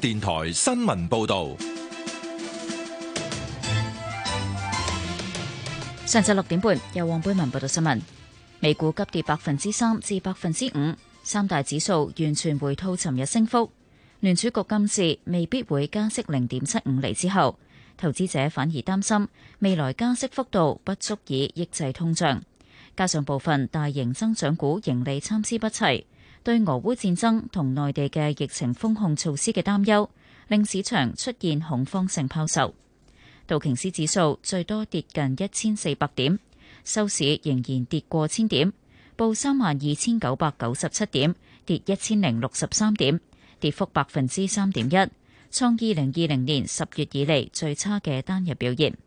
電台新聞報道：上晝六點半，由黃貝文報道新聞。美股急跌百分之三至百分之五，三大指數完全回吐尋日升幅。聯儲局今次未必會加息零點七五厘之後，投資者反而擔心未來加息幅度不足以抑制通脹，加上部分大型增長股盈利參差不齊。對俄烏戰爭同內地嘅疫情封控措施嘅擔憂，令市場出現恐慌性拋售。道瓊斯指數最多跌近一千四百點，收市仍然跌過千點，報三萬二千九百九十七點，跌一千零六十三點，跌幅百分之三點一，創二零二零年十月以嚟最差嘅單日表現。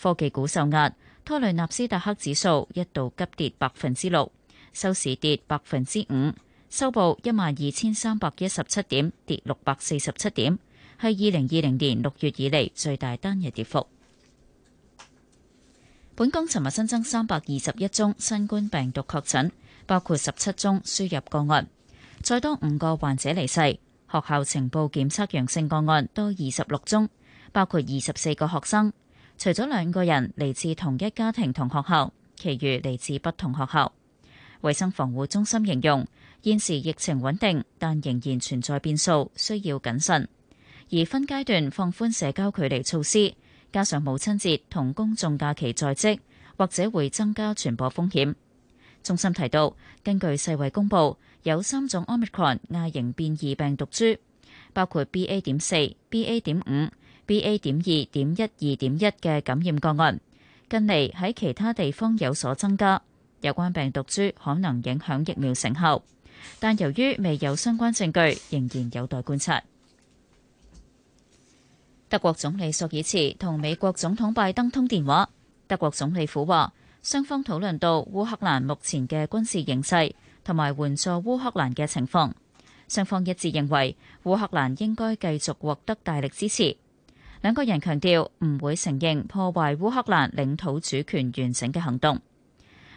科技股受壓，拖累納斯達克指數一度急跌百分之六，收市跌百分之五。收報一萬二千三百一十七點，跌六百四十七點，係二零二零年六月以嚟最大單日跌幅。本港尋日新增三百二十一宗新冠病毒確診，包括十七宗輸入個案，再多五個患者離世。學校情報檢測陽性個案多二十六宗，包括二十四個學生，除咗兩個人嚟自同一家庭同學校，其餘嚟自不同學校。衛生防護中心形容，現時疫情穩定，但仍然存在變數，需要謹慎。而分階段放寬社交距離措施，加上母親節同公眾假期在即，或者會增加傳播風險。中心提到，根據世衞公佈，有三種 Omicron 亞型變異病毒株，包括 BA 點四、BA 點五、BA 點二點一二點一嘅感染個案，近嚟喺其他地方有所增加。有關病毒株可能影響疫苗成效。但由於未有相關證據，仍然有待觀察。德國總理朔爾茨同美國總統拜登通電話，德國總理府話，雙方討論到烏克蘭目前嘅軍事形勢同埋援助烏克蘭嘅情況，雙方一致認為烏克蘭應該繼續獲得大力支持。兩個人強調唔會承認破壞烏克蘭領土主權完整嘅行動。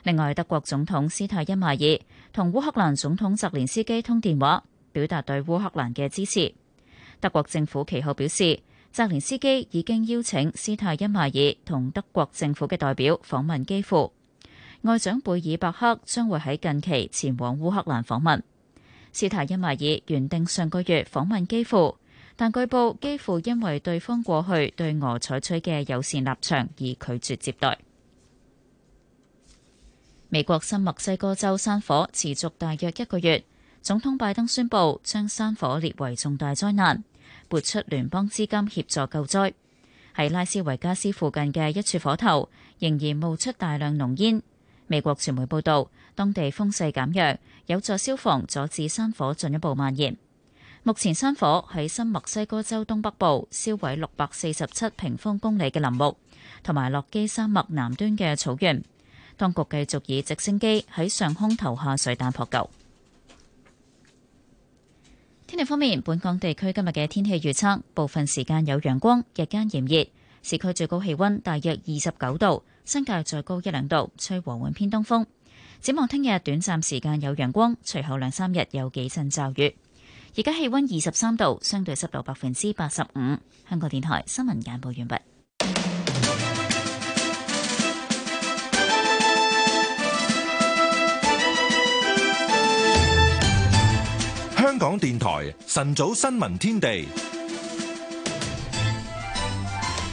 另外，德國總統施泰因邁爾。同烏克蘭總統澤連斯基通電話，表達對烏克蘭嘅支持。德國政府其後表示，澤連斯基已經邀請斯泰因邁爾同德國政府嘅代表訪問基輔。外長貝爾伯克將會喺近期前往烏克蘭訪問。斯泰因邁爾原定上個月訪問基輔，但據報基輔因為對方過去對俄採取嘅友善立場而拒絕接待。美國新墨西哥州山火持續大約一個月，總統拜登宣布將山火列為重大災難，撥出聯邦資金協助救災。喺拉斯維加斯附近嘅一處火頭仍然冒出大量濃煙。美國傳媒報道，當地風勢減弱，有助消防阻止山火進一步蔓延。目前山火喺新墨西哥州東北部燒毀六百四十七平方公里嘅林木，同埋落基山脈南端嘅草原。當局繼續以直升機喺上空投下水彈撲救。天氣方面，本港地區今日嘅天氣預測，部分時間有陽光，日間炎熱，市區最高氣温大約二十九度，新界再高一兩度，吹和緩偏東風。展望聽日，短暫時間有陽光，隨後兩三日有幾陣驟雨。而家氣温二十三度，相對濕度百分之八十五。香港電台新聞簡報完畢。香港電台晨早新聞天地，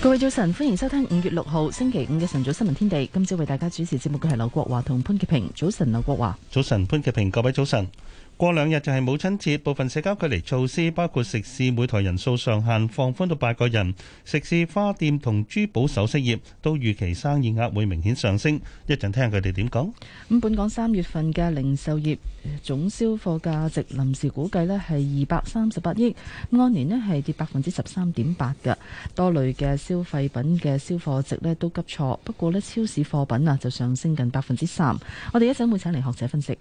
各位早晨，歡迎收聽五月六號星期五嘅晨早新聞天地。今朝為大家主持節目嘅係劉國華同潘潔平。早晨，劉國華。早晨，潘潔平。各位早晨。過兩日就係母親節，部分社交距離措施包括食肆每台人數上限放寬到八個人，食肆、花店同珠寶首飾業都預期生意額會明顯上升。一陣聽下佢哋點講。咁，本港三月份嘅零售業總銷貨價值臨時估計呢係二百三十八億，按年呢係跌百分之十三點八㗎。多類嘅消費品嘅銷貨值呢都急挫，不過呢超市貨品啊就上升近百分之三。我哋一陣會請嚟學者分析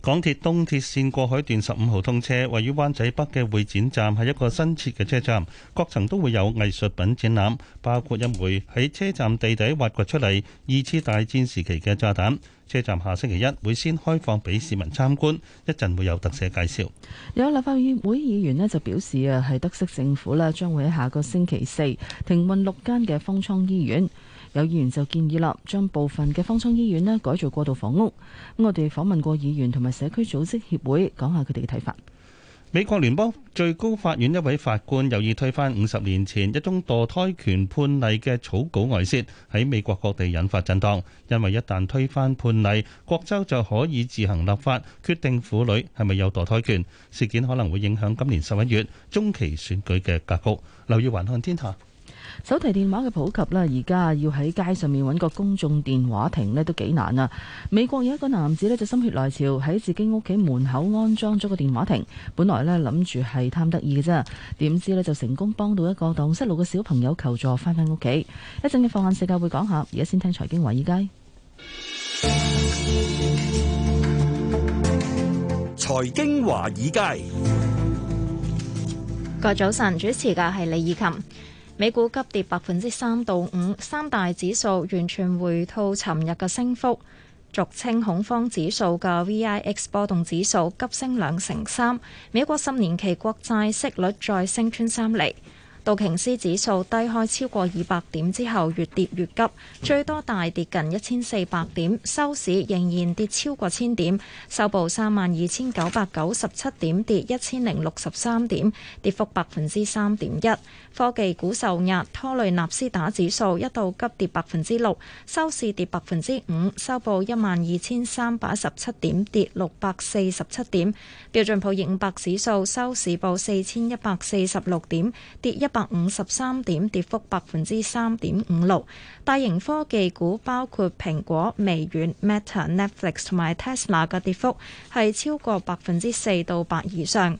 港鐵東鐵線過海段十五號通車，位於灣仔北嘅會展站係一個新設嘅車站，各層都會有藝術品展覽，包括一枚喺車站地底挖掘出嚟二次大戰時期嘅炸彈。車站下星期一會先開放俾市民參觀，一陣會有特寫介紹。有立法會議員呢就表示啊，係得悉政府咧將會喺下個星期四停運六間嘅方艙醫院。有議員就建議啦，將部分嘅方艙醫院咧改做過渡房屋。咁我哋訪問過議員同埋社區組織協會，講下佢哋嘅睇法。美國聯邦最高法院一位法官有意推翻五十年前一宗墮胎權判例嘅草稿外泄，喺美國各地引發震盪。因為一旦推翻判例，國州就可以自行立法決定婦女係咪有墮胎權。事件可能會影響今年十一月中期選舉嘅格局。留意環看天下。手提電話嘅普及啦，而家要喺街上面揾個公眾電話亭咧都幾難啊！美國有一個男子咧就心血來潮喺自己屋企門口安裝咗個電話亭，本來咧諗住係貪得意嘅啫，點知咧就成功幫到一個蕩失路嘅小朋友求助翻返屋企。一陣嘅放眼世界會講下，而家先聽財經華爾街。財經華爾街，個早晨主持嘅係李以琴。美股急跌百分之三到五，5, 三大指數完全回吐尋日嘅升幅。俗稱恐慌指數嘅 VIX 波動指數急升兩成三。美國十年期國債息率再升穿三厘。道瓊斯指數低開超過二百點之後，越跌越急，最多大跌近一千四百點，收市仍然跌超過千點，收報三萬二千九百九十七點，跌一千零六十三點，跌幅百分之三點一。科技股受壓拖累納斯達指數一度急跌百分之六，收市跌百分之五，收報一萬二千三百一十七點，跌六百四十七點。標準普爾五百指數收市報四千一百四十六點，跌一百五十三點，跌幅百分之三點五六。大型科技股包括蘋果、微軟、Meta、Netflix 同埋 Tesla 嘅跌幅係超過百分之四到八以上。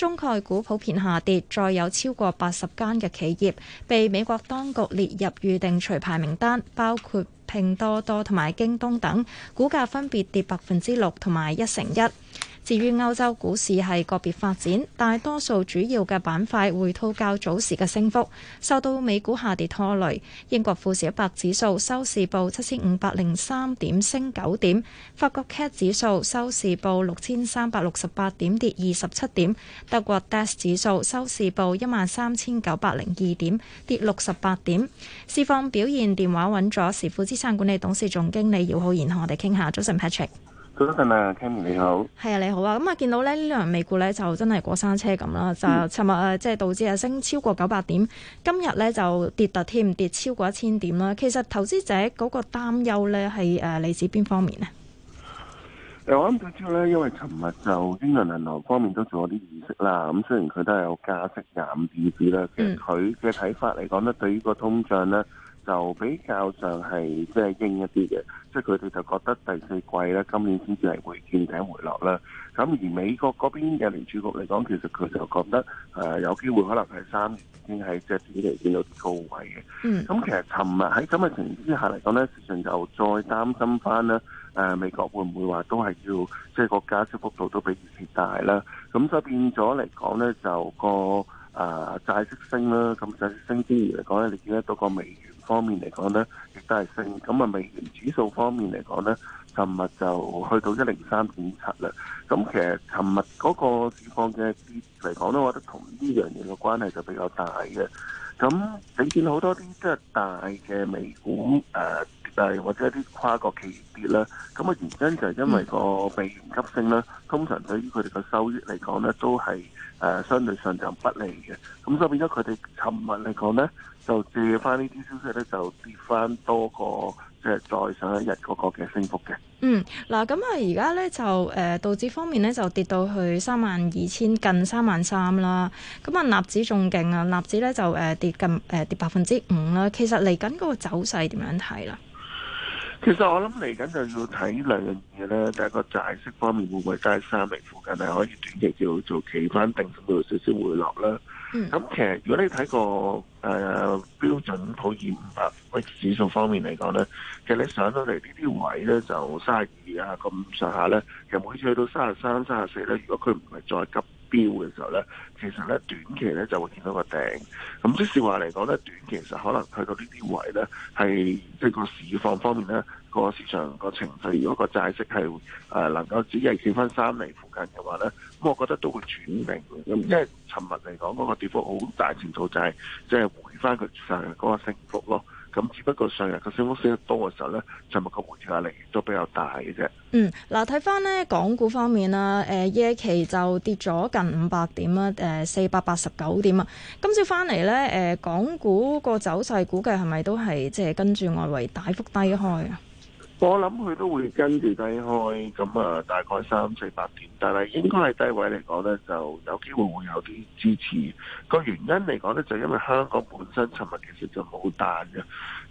中概股普遍下跌，再有超過八十間嘅企業被美國當局列入預定除牌名單，包括拼多多同埋京東等，股價分別跌百分之六同埋一成一。至於歐洲股市係個別發展，大多數主要嘅板塊回吐較早時嘅升幅，受到美股下跌拖累。英國富時一百指數收市報七千五百零三點，升九點；法國 CAC 指數收市報六千三百六十八點，跌二十七點；德國 DAX 指數收市報一萬三千九百零二點，跌六十八點。市況表現，電話揾咗時富資產管理董事總經理姚浩然，同我哋傾下。早晨，Patrick。早晨啊，Kenny 你好。係啊，你好啊，咁、嗯、啊，見到咧呢輪美股咧就真係過山車咁啦，嗯、就尋日即係道指啊升超過九百點，今日咧就跌突添，跌超過一千點啦。其實投資者嗰個擔憂咧係誒，嚟自邊方面呢？誒、嗯，我諗最主要咧，因為尋日就英倫銀行方面都做咗啲議息啦。咁雖然佢都係有加息減利率啦，其實佢嘅睇法嚟講咧，對於個通脹咧。就比較上係即係硬一啲嘅，即係佢哋就覺得第四季咧今年先至係會見頂回落啦。咁而美國嗰邊嘅聯儲局嚟講，其實佢就覺得誒有機會可能係三年先係只短期見到高位嘅。嗯，咁其實尋日喺咁嘅情況之下嚟講咧，事實上就再擔心翻咧誒美國會唔會話都係要即係個加息幅度都比以前大啦。咁就變咗嚟講咧，就個誒債息升啦，咁債息升之餘嚟講咧，你見得到個美方面嚟講呢，亦都係升咁啊！美元指數方面嚟講呢，尋日就去到一零三點七啦。咁其實尋日嗰個市況嘅跌嚟講呢，我覺得同呢樣嘢嘅關係就比較大嘅。咁你見好多啲即係大嘅美股誒誒，或者一啲跨國企業跌啦。咁啊原因就係因為個美元急升啦。通常對於佢哋嘅收益嚟講呢，都係誒相對上就不利嘅。咁所以變咗佢哋尋日嚟講呢。就借翻呢啲消息咧，就跌翻多個即係再上一日嗰個嘅升幅嘅。嗯，嗱，咁啊，而家咧就誒，道指方面咧就跌到去三萬二千近三萬三啦。咁啊，納指仲勁啊，納指咧就誒跌近誒、呃、跌百分之五啦。其實嚟緊嗰個走勢點樣睇啦？其實我諗嚟緊就要睇兩樣嘢咧，第一個債息方面會唔會都係三厘附近，係可以短期叫做企翻定到少少回落啦。咁、嗯、其實如果你睇個誒標準普爾五百指數方面嚟講咧，其實你上到嚟呢啲位咧就三十二啊個五上下咧，其實每次去到三十三、三十四咧，如果佢唔係再急標嘅時候咧，其實咧短期咧就會見到個頂。咁即是話嚟講咧，短期其實可能去到呢啲位咧，係即係個市況方面咧，個市場個情緒，如果個債息係誒、呃、能夠只係見翻三厘附近嘅話咧，咁我覺得都會轉定。咁因為尋日嚟講嗰個跌幅好大程度就係即係回翻佢上嗰個升幅咯。咁只不過上日個升幅升得多嘅時候咧，就咪個換手壓力都比較大嘅啫。嗯，嗱，睇翻呢港股方面啦，誒、呃、夜期就跌咗近五百點啦，誒四百八十九點啊。今朝翻嚟咧，誒、呃、港股個走勢估計係咪都係即係跟住外圍大幅低開啊？我諗佢都會跟住低開，咁啊大概三四百點，但係應該係低位嚟講呢，就有機會會有啲支持。個原因嚟講呢，就因為香港本身尋日其實就冇彈嘅，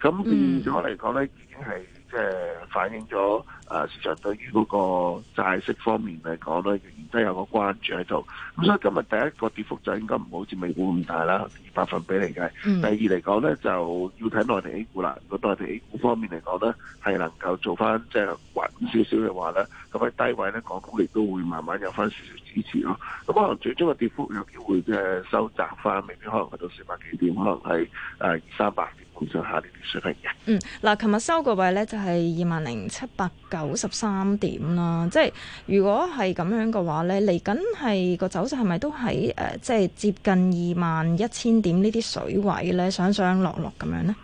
咁變咗嚟講呢，已經係。即係反映咗誒市場對於嗰個債息方面嚟講咧，仍然都有個關注喺度。咁所以今日第一個跌幅就應該唔好似美股咁大啦，以百分比嚟計。嗯、第二嚟講咧，就要睇內地 A 股啦。如果內地 A 股方面嚟講咧，係、嗯、能夠做翻即係穩少少嘅話咧，咁喺低位咧，港股亦都會慢慢有翻少少支持咯。咁可能最終嘅跌幅有機會即係收窄翻，未必可能去到四百幾點，可能係誒二三百點。估出下水平嘅。嗯，嗱，琴日收個位咧就係二萬零七百九十三點啦。即係如果係咁樣嘅話咧，嚟緊係個走勢係咪都喺誒、呃，即係接近二萬一千點呢啲水位咧？上上落落咁樣呢？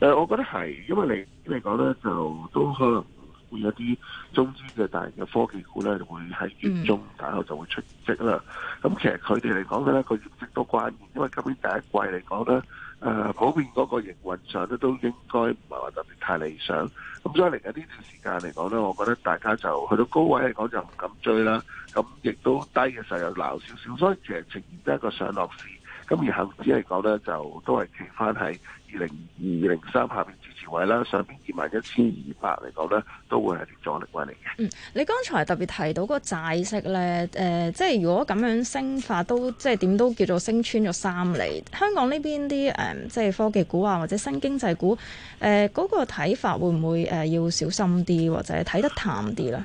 誒、呃，我覺得係，因為嚟嚟講咧，就都可能會有啲中資嘅大型嘅科技股咧，會喺月中打後就會出息啦。咁、嗯、其實佢哋嚟講咧，個業績都關鍵，因為今年第一季嚟講咧。誒、呃、普遍嗰個營運上咧都應該唔係話特別太理想，咁、嗯、所以嚟緊呢段時間嚟講咧，我覺得大家就去到高位嚟講就唔敢追啦，咁、嗯、亦都低嘅時候又鬧少少，所以其實呈現得一個上落市，咁、嗯、而後只係講咧就都係企翻喺二零二零三下面。位啦，上邊結埋一千二百嚟講咧，都會係阻力位嚟嘅。嗯，你剛才特別提到個債息咧，誒、呃，即係如果咁樣升法都，即係點都叫做升穿咗三厘。香港呢邊啲誒、嗯，即係科技股啊，或者新經濟股，誒、呃、嗰、那個睇法會唔會誒、呃、要小心啲，或者睇得淡啲咧？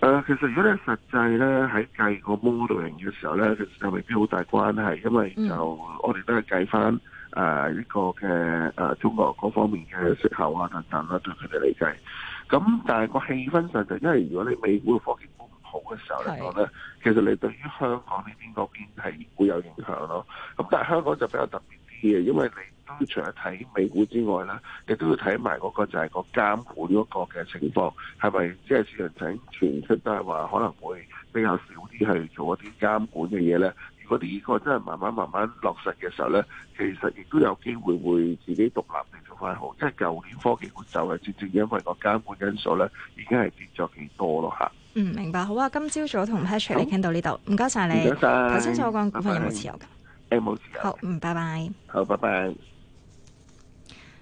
誒、呃，其實如果你實際咧喺計個 modeling 嘅時候咧，就未必好大關係，因為就、嗯、我哋都係計返。誒呢、啊、個嘅誒、啊、中國嗰方面嘅需求啊等等啦、啊，對佢哋嚟計，咁但係個氣氛上就，因為如果你美股嘅科技股唔好嘅時候嚟講咧，的其實你對於香港呢邊嗰邊係會有影響咯。咁但係香港就比較特別啲嘅，因為你都除咗睇美股之外咧，你都要睇埋嗰個就係個監管嗰個嘅情況係咪，即係市場上傳出都係話可能會比較少啲去做一啲監管嘅嘢咧。我哋呢個真係慢慢慢慢落實嘅時候咧，其實亦都有機會會自己獨立定做法好。即係舊年科技股就係直接因為個監管因素咧，已經係跌咗幾多咯吓，嗯，明白。好啊，今朝早同 Patrick 你傾到呢度，唔該晒你。唔該晒。頭先所講股份有冇持有㗎？誒冇持有。好，嗯，拜拜。好，拜拜。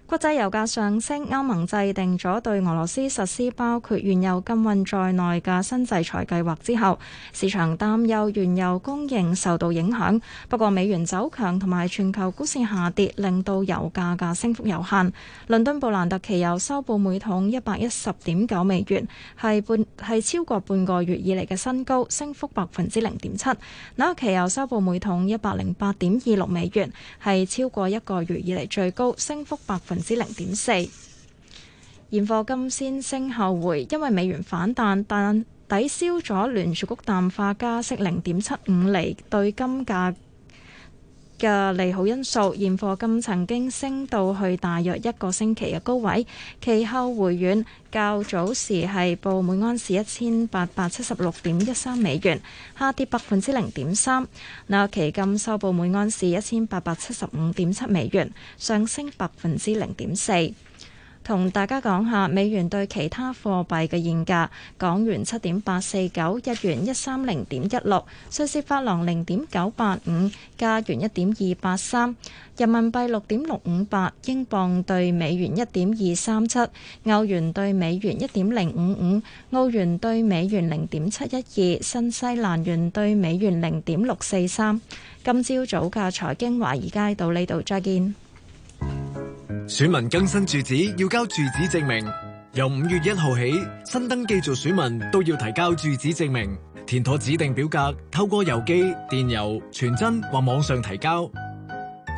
國際油價上升，歐盟制定咗對俄羅斯實施包括原油禁運在內嘅新制裁計劃之後，市場擔憂原油供應受到影響。不過美元走強同埋全球股市下跌，令到油價嘅升幅有限。倫敦布蘭特期油收報每桶一百一十點九美元，係半係超過半個月以嚟嘅新高，升幅百分之零點七。紐約期油收報每桶一百零八點二六美元，係超過一個月以嚟最高，升幅百分。百分之零點四，現貨金先升後回，因為美元反彈，但抵消咗聯儲局淡化加息零點七五厘，對金價。嘅利好因素，現貨金曾經升到去大約一個星期嘅高位，其後回軟，較早時係報每安士一千八百七十六點一三美元，下跌百分之零點三。那期金收報每安士一千八百七十五點七美元，上升百分之零點四。同大家講下美元對其他貨幣嘅現價：港元七點八四九，日元一三零點一六，瑞士法郎零點九八五，加元一點二八三，人民幣六點六五八，英鎊對美元一點二三七，歐元對美元一點零五五，澳元對美元零點七一二，新西蘭元對美元零點六四三。今朝早嘅財經華爾街到呢度，再見。選民更新住址要交住址證明，由五月一號起，新登記做選民都要提交住址證明，填妥指定表格，透過郵寄、電郵、傳真或網上提交。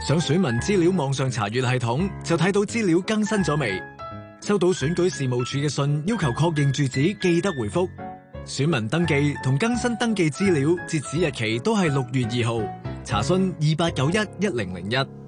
上選民資料網上查閱系統就睇到資料更新咗未？收到選舉事務處嘅信要求確認住址，記得回覆。選民登記同更新登記資料截止日期都係六月二號，查詢二八九一一零零一。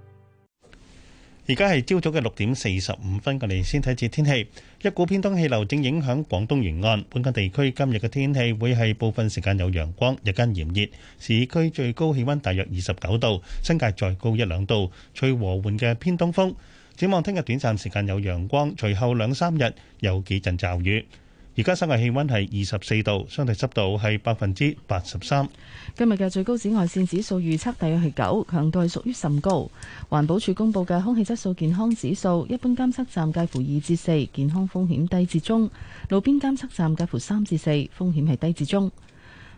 而家係朝早嘅六點四十五分，過嚟先睇次天氣。一股偏東氣流正影響廣東沿岸，本港地區今日嘅天氣會係部分時間有陽光，日間炎熱，市區最高氣溫大約二十九度，新界再高一兩度。吹和緩嘅偏東風，展望聽日短暫時間有陽光，隨後兩三日有幾陣驟雨。而家室外氣溫係二十四度，相對濕度係百分之八十三。今日嘅最高紫外線指數預測大約係九，強度係屬於甚高。環保署公布嘅空氣質素健康指數，一般監測站介乎二至四，健康風險低至中；路邊監測站介乎三至四，風險係低至中。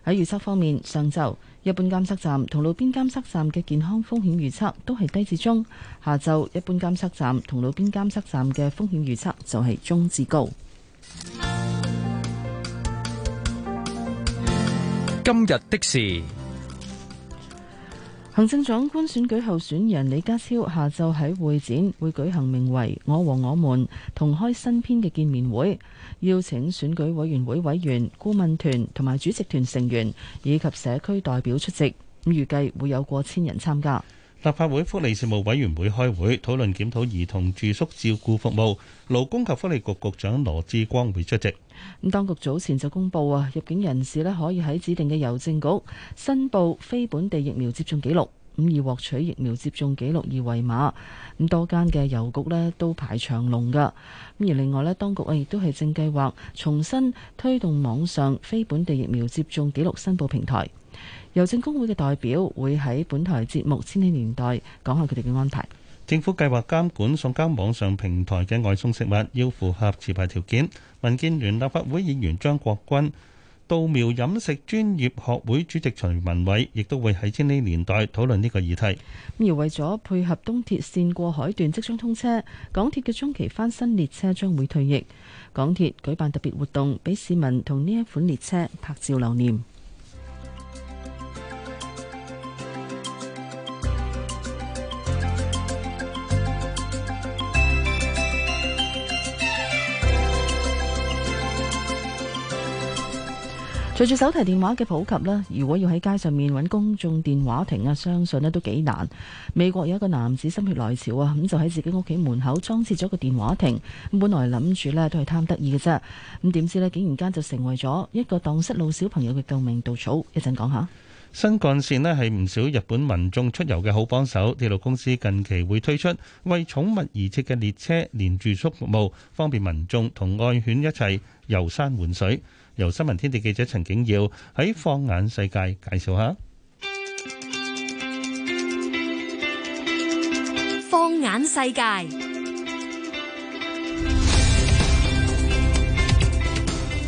喺預測方面，上晝一般監測站同路邊監測站嘅健康風險預測都係低至中；下晝一般監測站同路邊監測站嘅風險預測就係中至高。今日的事，行政長官選舉候選人李家超下晝喺會展會舉行名為《我和我們同開新篇》嘅見面會，邀請選舉委員會委員、顧問團同埋主席團成員以及社區代表出席。咁預計會有過千人參加。立法會福利事務委員會開會討論檢討兒童住宿照顧服務，勞工及福利局局長羅志光會出席。咁當局早前就公布啊，入境人士咧可以喺指定嘅郵政局申報非本地疫苗接種記錄，咁而獲取疫苗接種記錄二維碼。咁多間嘅郵局咧都排長龍㗎。咁而另外咧，當局亦都係正計劃重新推動網上非本地疫苗接種記錄申報平台。郵政工會嘅代表會喺本台節目《千禧年代》講下佢哋嘅安排。政府計劃監管送交網上平台嘅外送食物，要符合持牌條件。民建聯立法會議員張國軍、稻苗飲食專業學會主席徐文偉亦都會喺《千禧年代》討論呢個議題。而為咗配合東鐵線過海段即將通車，港鐵嘅中期翻新列車將會退役。港鐵舉辦特別活動，俾市民同呢一款列車拍照留念。隨住手提電話嘅普及呢，如果要喺街上面揾公眾電話亭啊，相信呢都幾難。美國有一個男子心血來潮啊，咁就喺自己屋企門口裝置咗個電話亭。咁本來諗住呢都係貪得意嘅啫，咁點知呢竟然間就成為咗一個蕩失路小朋友嘅救命稻草。一陣講下新幹線呢係唔少日本民眾出遊嘅好幫手。鐵路公司近期會推出為寵物而設嘅列車連住宿服務，方便民眾同愛犬一齊遊山玩水。由新聞天地記者陳景耀喺放眼世界介紹下，放眼世界，世界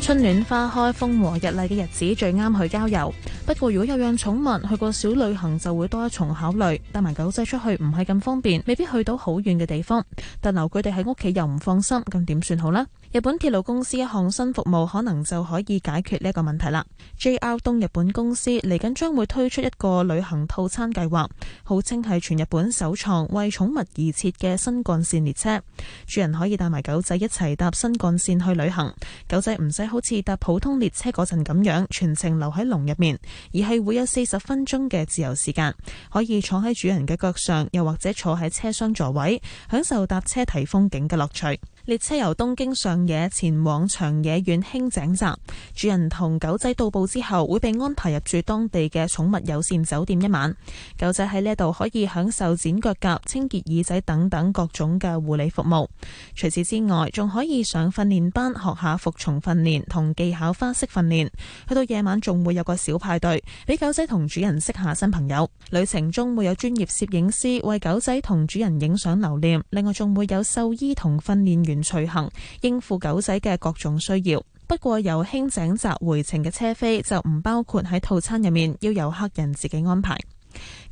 春暖花開、風和日麗嘅日子最啱去郊遊。不過，如果有養寵物，去過小旅行就會多一重考慮。帶埋狗仔出去唔係咁方便，未必去到好遠嘅地方。但留佢哋喺屋企又唔放心，咁點算好呢？日本鐵路公司一項新服務可能就可以解決呢個問題啦。JR 東日本公司嚟緊將會推出一個旅行套餐計劃，號稱係全日本首創為寵物而設嘅新幹線列車。主人可以帶埋狗仔一齊搭新幹線去旅行，狗仔唔使好似搭普通列車嗰陣咁樣全程留喺籠入面，而係會有四十分鐘嘅自由時間，可以坐喺主人嘅腳上，又或者坐喺車廂座位，享受搭車睇風景嘅樂趣。列車由東京上野前往長野縣輕井澤站，主人同狗仔到埗之後，會被安排入住當地嘅寵物友善酒店一晚。狗仔喺呢度可以享受剪腳甲、清潔耳仔等等各種嘅護理服務。除此之外，仲可以上訓練班學下服從訓練同技巧花式訓練。去到夜晚仲會有個小派對，俾狗仔同主人識下新朋友。旅程中會有專業攝影師為狗仔同主人影相留念。另外仲會有獸醫同訓練員隨行應付狗仔嘅各種需要，不過有輕井澤回程嘅車飛就唔包括喺套餐入面，要由客人自己安排。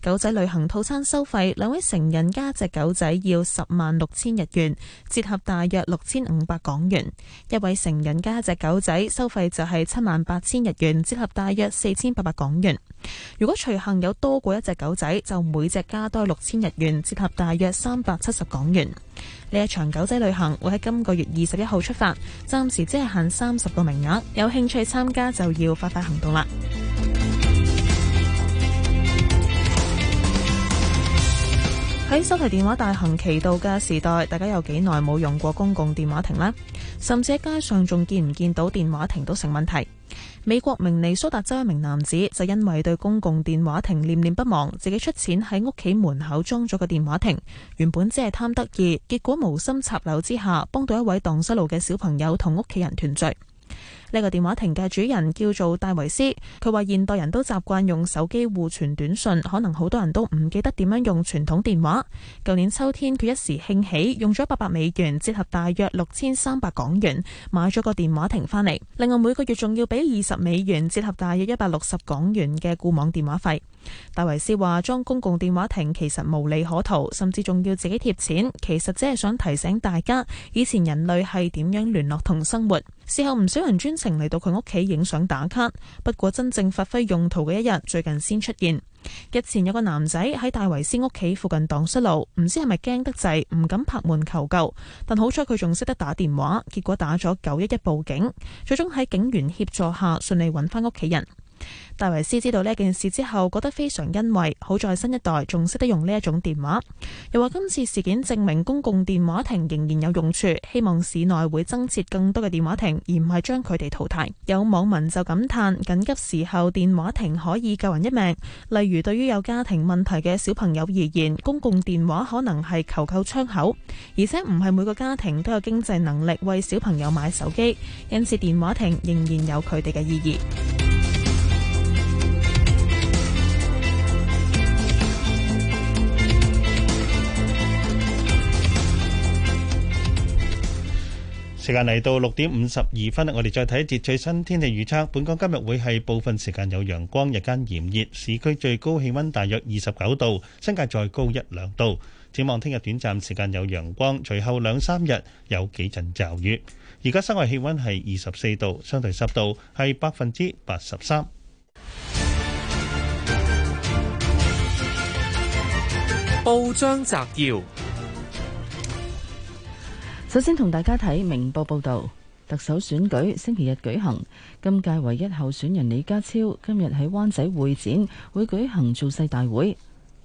狗仔旅行套餐收費，兩位成人加隻狗仔要十萬六千日元，折合大約六千五百港元；一位成人加一隻狗仔收費就係七萬八千日元，折合大約四千八百港元。如果隨行有多過一隻狗仔，就每隻加多六千日元，折合大約三百七十港元。呢一場狗仔旅行會喺今個月二十一號出發，暫時只係限三十個名額，有興趣參加就要快快行動啦！喺手提電話大行其道嘅時代，大家有幾耐冇用過公共電話亭咧？甚至喺街上仲見唔見到電話亭都成問題。美國明尼蘇達州一名男子就因為對公共電話亭念念不忘，自己出錢喺屋企門口裝咗個電話亭。原本只係貪得意，結果無心插柳之下，幫到一位蕩失路嘅小朋友同屋企人團聚。呢個電話亭嘅主人叫做戴維斯，佢話現代人都習慣用手機互傳短信，可能好多人都唔記得點樣用傳統電話。舊年秋天，佢一時興起，用咗八百美元（折合大約六千三百港元）買咗個電話亭返嚟，另外每個月仲要俾二十美元（折合大約一百六十港元）嘅固網電話費。戴維斯話：裝公共電話亭其實無利可圖，甚至仲要自己貼錢，其實只係想提醒大家以前人類係點樣聯絡同生活。事後唔少人專程嚟到佢屋企影相打卡，不過真正發揮用途嘅一日最近先出現。日前有個男仔喺戴維斯屋企附近蕩失路，唔知係咪驚得滯，唔敢拍門求救，但好彩佢仲識得打電話，結果打咗九一一報警，最終喺警員協助下順利揾翻屋企人。戴維斯知道呢件事之後，覺得非常欣慰。好在新一代仲識得用呢一種電話，又話今次事件證明公共電話亭仍然有用處。希望市內會增設更多嘅電話亭，而唔係將佢哋淘汰。有網民就感嘆：緊急時候電話亭可以救人一命。例如對於有家庭問題嘅小朋友而言，公共電話可能係求救窗口。而且唔係每個家庭都有經濟能力為小朋友買手機，因此電話亭仍然有佢哋嘅意義。時間嚟到六點五十二分啦，我哋再睇一節最新天氣預測。本港今日會係部分時間有陽光，日間炎熱，市區最高氣温大約二十九度，新界再高一兩度。展望聽日短暫時間有陽光，隨後兩三日有幾陣驟雨。而家室外氣温係二十四度，相對濕度係百分之八十三。報章摘要。首先同大家睇明報報道，特首選舉星期日舉行，今屆唯一候選人李家超今日喺灣仔會展會舉行造勢大會。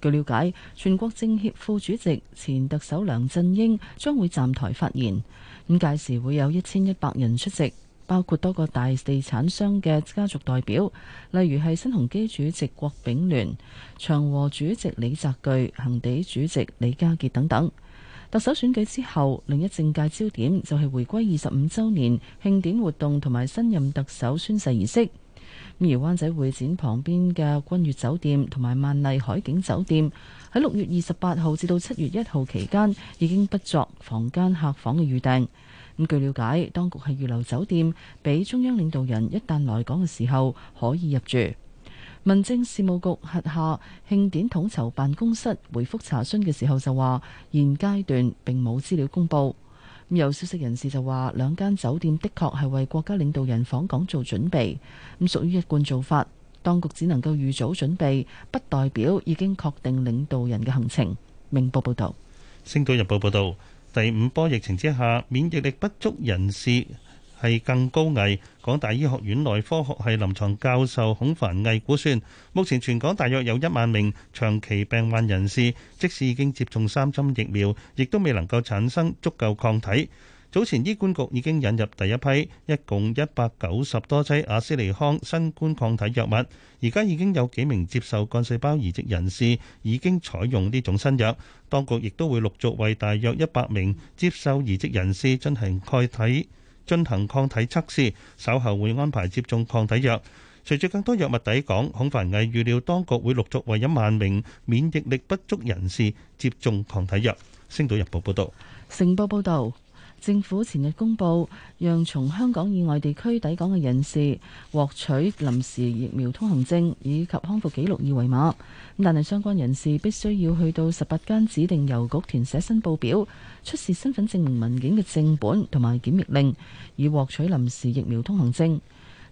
據了解，全國政協副主席，前特首梁振英將會站台發言。咁屆時會有一千一百人出席，包括多個大地產商嘅家族代表，例如係新鴻基主席郭炳聯、長和主席李澤钜恒地主席李家傑等等。特首選舉之後，另一政界焦點就係回歸二十五週年慶典活動同埋新任特首宣誓儀式。咁而灣仔會展旁邊嘅君悅酒店同埋萬麗海景酒店喺六月二十八號至到七月一號期間已經不作房間客房嘅預訂。咁據了解，當局係預留酒店俾中央領導人一旦來港嘅時候可以入住。民政事務局轄下慶典統籌辦公室回覆查詢嘅時候就話，現階段並冇資料公布。咁有消息人士就話，兩間酒店的確係為國家領導人訪港做準備，咁屬於一貫做法。當局只能夠預早準備，不代表已經確定領導人嘅行程。明報報道。《星島日報》報道，第五波疫情之下，免疫力不足人士。係更高危。港大醫學院內科學系臨床教授孔凡毅估算，目前全港大約有一萬名長期病患人士，即使已經接種三針疫苗，亦都未能夠產生足夠抗體。早前醫管局已經引入第一批，一共一百九十多劑阿斯利康新冠抗體藥物，而家已經有幾名接受幹細胞移植人士已經採用呢種新藥。當局亦都會陸續為大約一百名接受移植人士進行抗體。進行抗體測試，稍後會安排接種抗體藥。隨住更多藥物抵港，孔凡毅預料當局會陸續為一萬名免疫力不足人士接種抗體藥。星島日報報道。成報報道。政府前日公布，讓從香港以外地區抵港嘅人士獲取臨時疫苗通行證以及康復記錄二維碼。咁，但係相關人士必須要去到十八間指定郵局填寫申報表，出示身份證明文件嘅正本同埋檢疫令，以獲取臨時疫苗通行證。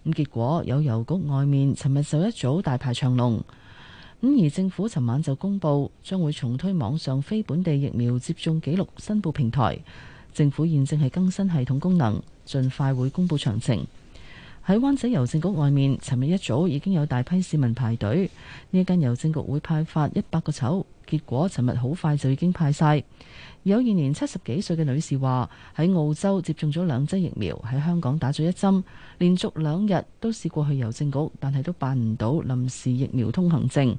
咁，結果有郵局外面，尋日就一早大排長龍。咁而政府尋晚就公布，將會重推網上非本地疫苗接種紀錄申報平台。政府現正係更新系統功能，盡快會公布詳情。喺灣仔郵政局外面，尋日一早已經有大批市民排隊。呢間郵政局會派發一百個籌，結果尋日好快就已經派晒。有二年七十幾歲嘅女士話：喺澳洲接種咗兩劑疫苗，喺香港打咗一針，連續兩日都試過去郵政局，但係都辦唔到臨時疫苗通行證。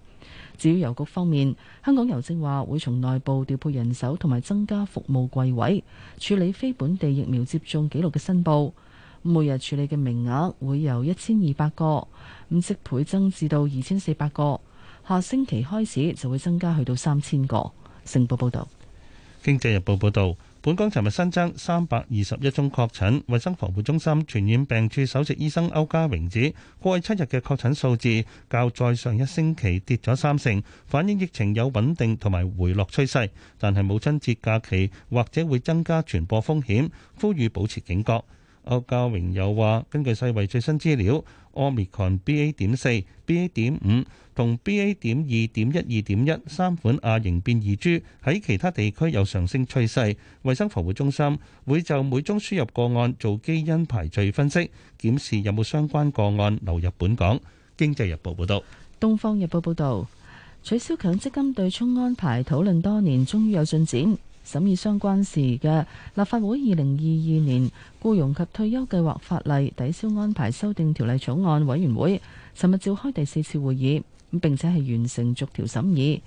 至於郵局方面，香港郵政話會從內部調配人手同埋增加服務櫃位，處理非本地疫苗接種記錄嘅申報。每日處理嘅名額會由一千二百個，咁即倍增至到二千四百個。下星期開始就會增加去到三千個。成報報道。經濟日報報道。本港尋日新增三百二十一宗確診，衛生防護中心傳染病處首席醫生歐家榮指，過去七日嘅確診數字較再上一星期跌咗三成，反映疫情有穩定同埋回落趨勢。但係母親節假期或者會增加傳播風險，呼籲保持警覺。歐家榮又話，根據世衞最新資料，Omicron BA. 點四、BA. 點五同 BA. 點二點一二點一三款亞型變異株喺其他地區有上升趨勢。衞生防護中心會就每宗輸入個案做基因排序分析，檢視有冇相關個案流入本港。經濟日報報道。東方日報報導，取消強積金對沖安排討論多年，終於有進展。審議相關事嘅立法會二零二二年僱傭及退休計劃法例抵消安排修訂條例草案委員會，尋日召開第四次會議，並且係完成逐條審議。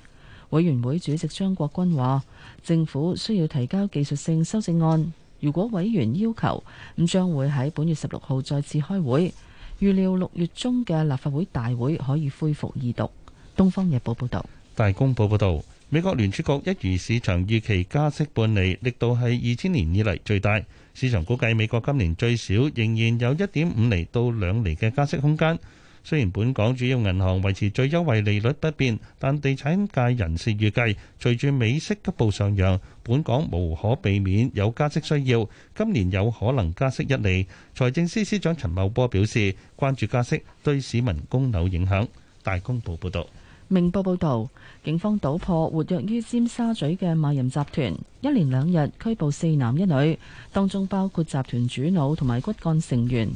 委員會主席張國鈞話，政府需要提交技術性修正案，如果委員要求，咁將會喺本月十六號再次開會，預料六月中嘅立法會大會可以恢復二讀。東方日報報道，大公報報道。美國聯儲局一如市場預期加息半釐，力度係二千年以嚟最大。市場估計美國今年最少仍然有一點五釐到兩釐嘅加息空間。雖然本港主要銀行維持最優惠利率不變，但地產界人士預計，隨住美息急步上揚，本港無可避免有加息需要。今年有可能加息一釐。財政司司長陳茂波表示，關注加息對市民供樓影響。大公報報導，明報報導。警方搗破活躍於尖沙咀嘅賣淫集團，一連兩日拘捕四男一女，當中包括集團主腦同埋骨幹成員。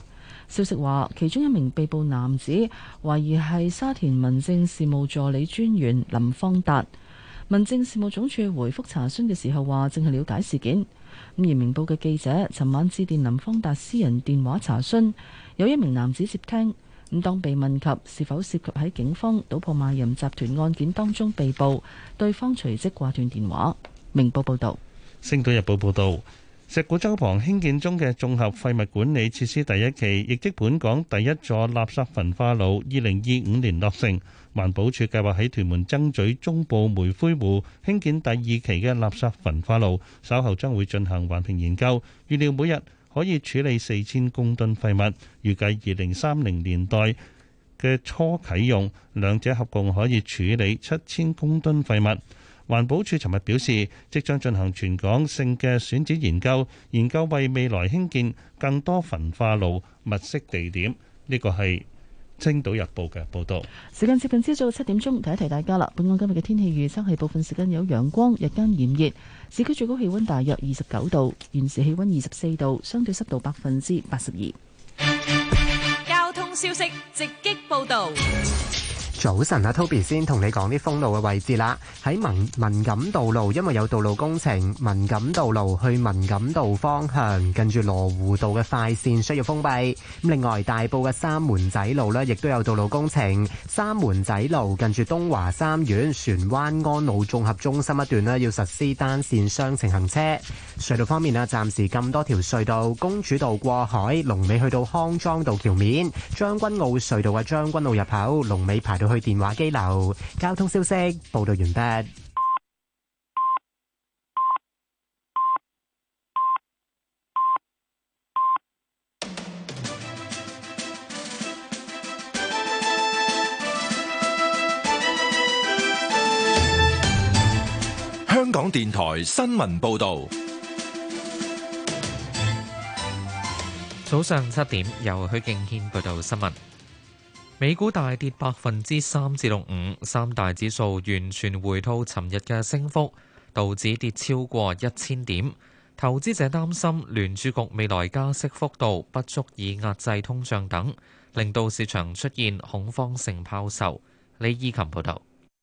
消息話，其中一名被捕男子懷疑係沙田民政事務助理專員林方達。民政事務總署回覆查詢嘅時候話，正係了解事件。咁而明報嘅記者尋晚致電林方達私人電話查詢，有一名男子接聽。咁當被問及是否涉及喺警方搗破賣淫集團案件當中被捕，對方隨即掛斷電話。明報報道。星島日報報道，石鼓洲旁興建中嘅綜合廢物管理設施第一期，亦即本港第一座垃圾焚化爐，2025年落成。環保署計劃喺屯門曾咀中部煤灰湖興建第二期嘅垃圾焚化爐，稍後將會進行環評研究，預料每日。可以處理四千公噸廢物，預計二零三零年代嘅初啟用，兩者合共可以處理七千公噸廢物。環保署尋日表示，即將進行全港性嘅選址研究，研究為未來興建更多焚化爐、物色地點。呢、這個係。《青島日報》嘅報道，時間接近朝早七點鐘，提一提大家啦。本港今日嘅天氣預測係部分時間有陽光，日間炎熱，市區最高氣溫大約二十九度，現時氣溫二十四度，相對濕度百分之八十二。交通消息直擊報道。早晨啊，Toby 先同你講啲封路嘅位置啦。喺文文錦道路，因為有道路工程，文錦道路去文錦道方向，近住羅湖道嘅快線需要封閉。咁另外，大埔嘅三門仔路咧，亦都有道路工程。三門仔路近住東華三院船灣安老綜合中心一段咧，要實施單線雙程行車。隧道方面啊，暫時咁多條隧道，公主道過海，龍尾去到康莊道橋面；將軍澳隧道嘅將軍澳入口，龍尾排到。去電話機樓，交通消息報道完畢。香港電台新聞報道，早上七點由許敬軒報道新聞。美股大跌百分之三至五，三大指數完全回吐尋日嘅升幅，道指跌超過一千點，投資者擔心聯儲局未來加息幅度不足以壓制通脹等，令到市場出現恐慌性拋售。李依琴報導。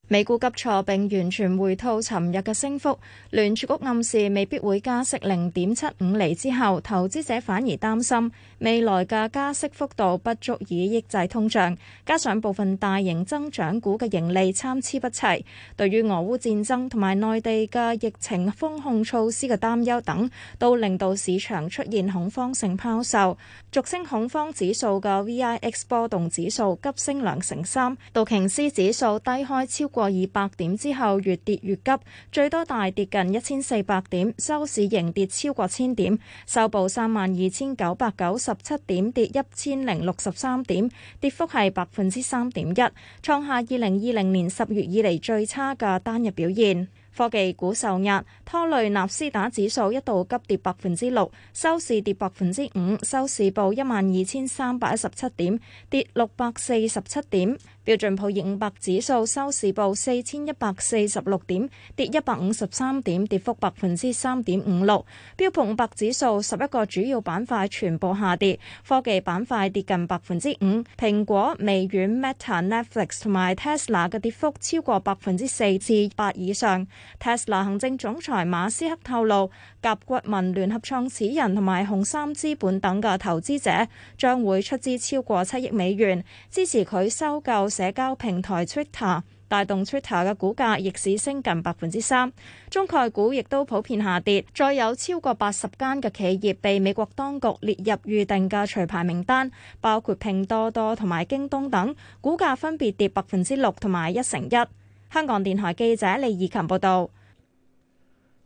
美股急挫，並完全回吐尋日嘅升幅。聯儲局暗示未必會加息零點七五厘之後，投資者反而擔心未來嘅加息幅度不足以抑制通脹，加上部分大型增長股嘅盈利參差不齊，對於俄烏戰爭同埋內地嘅疫情封控措施嘅擔憂等，都令到市場出現恐慌性拋售，俗稱恐慌指數嘅 VIX 波動指數急升兩成三，道瓊斯指數低開超過。過二百點之後，越跌越急，最多大跌近一千四百點，收市仍跌超過千點，收報三萬二千九百九十七點，跌一千零六十三點，跌幅係百分之三點一，創下二零二零年十月以嚟最差嘅單日表現。科技股受壓，拖累納斯達指數一度急跌百分之六，收市跌百分之五，收市報一萬二千三百一十七點，跌六百四十七點。標準普爾五百指數收市報四千一百四十六點，跌一百五十三點，跌幅百分之三點五六。標普五百指數十一個主要板塊全部下跌，科技板塊跌近百分之五。蘋果、微軟、Meta、Netflix 同埋 Tesla 嘅跌幅超過百分之四至八以上。Tesla 行政總裁馬斯克透露，甲骨文聯合創始人同埋紅杉資本等嘅投資者將會出資超過七億美元支持佢收購。社交平台 Twitter 帶動 Twitter 嘅股價逆市升近百分之三，中概股亦都普遍下跌，再有超過八十間嘅企業被美國當局列入預定嘅除牌名單，包括拼多多同埋京東等，股價分別跌百分之六同埋一成一。香港電台記者李怡琴報道。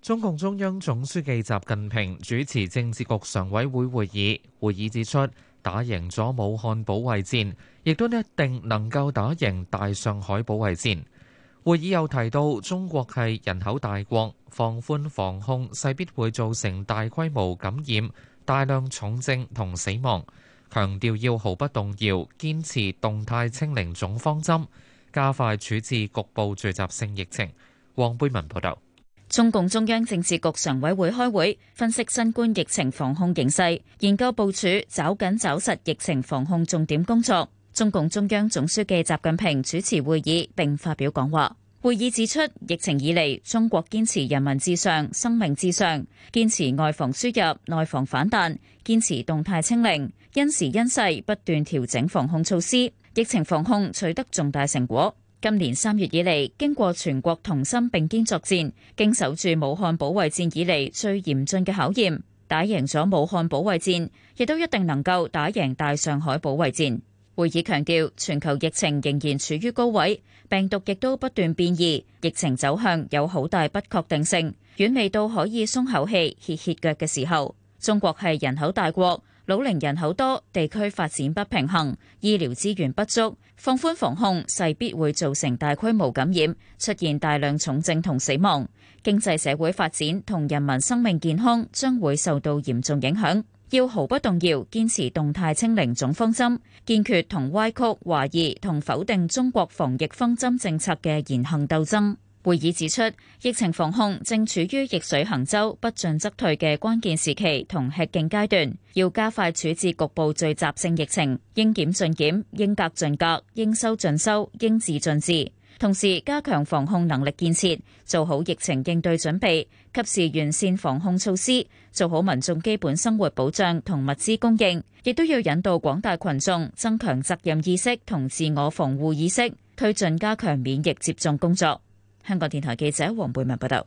中共中央總書記習近平主持政治局常委會會議，會議指出，打贏咗武漢保衛戰，亦都一定能夠打贏大上海保衛戰。會議又提到，中國係人口大國，放寬防控勢必會造成大規模感染、大量重症同死亡，強調要毫不動搖堅持動態清零總方針，加快處置局部聚集性疫情。黃貝文報道。中共中央政治局常委會開會，分析新冠疫情防控形勢，研究部署抓緊抓實疫情防控重點工作。中共中央總書記習近平主持會議並發表講話。會議指出，疫情以來，中國堅持人民至上、生命至上，堅持外防輸入、內防反彈，堅持動態清零，因時因勢不斷調整防控措施，疫情防控取得重大成果。今年三月以嚟，經過全國同心並肩作戰，經守住武漢保衛戰以嚟最嚴峻嘅考驗，打贏咗武漢保衛戰，亦都一定能夠打贏大上海保衛戰。會議強調，全球疫情仍然處於高位，病毒亦都不斷變異，疫情走向有好大不確定性，遠未到可以鬆口氣、歇歇腳嘅時候。中國係人口大國。老齡人口多，地區發展不平衡，醫療資源不足，放寬防控勢必會造成大規模感染，出現大量重症同死亡，經濟社會發展同人民生命健康將會受到嚴重影響，要毫不動搖堅持動態清零總方針，堅決同歪曲、懷疑同否定中國防疫方針政策嘅言行鬥爭。會議指出，疫情防控正處於逆水行舟、不進則退嘅關鍵時期同吃勁階段，要加快處置局部聚集性疫情，應檢盡檢，應隔盡隔，應收盡收，應治盡治。同時，加強防控能力建設，做好疫情應對準備，及時完善防控措施，做好民眾基本生活保障同物資供應。亦都要引導廣大群眾增強責任意識同自我防護意識，推進加強免疫接種工作。香港電台記者黃貝文報道，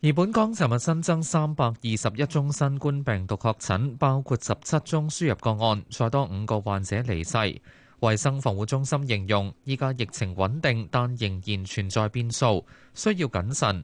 而本港昨日新增三百二十一宗新冠病毒確診，包括十七宗輸入個案，再多五個患者離世。衛生防護中心形容，依家疫情穩定，但仍然存在變數，需要謹慎。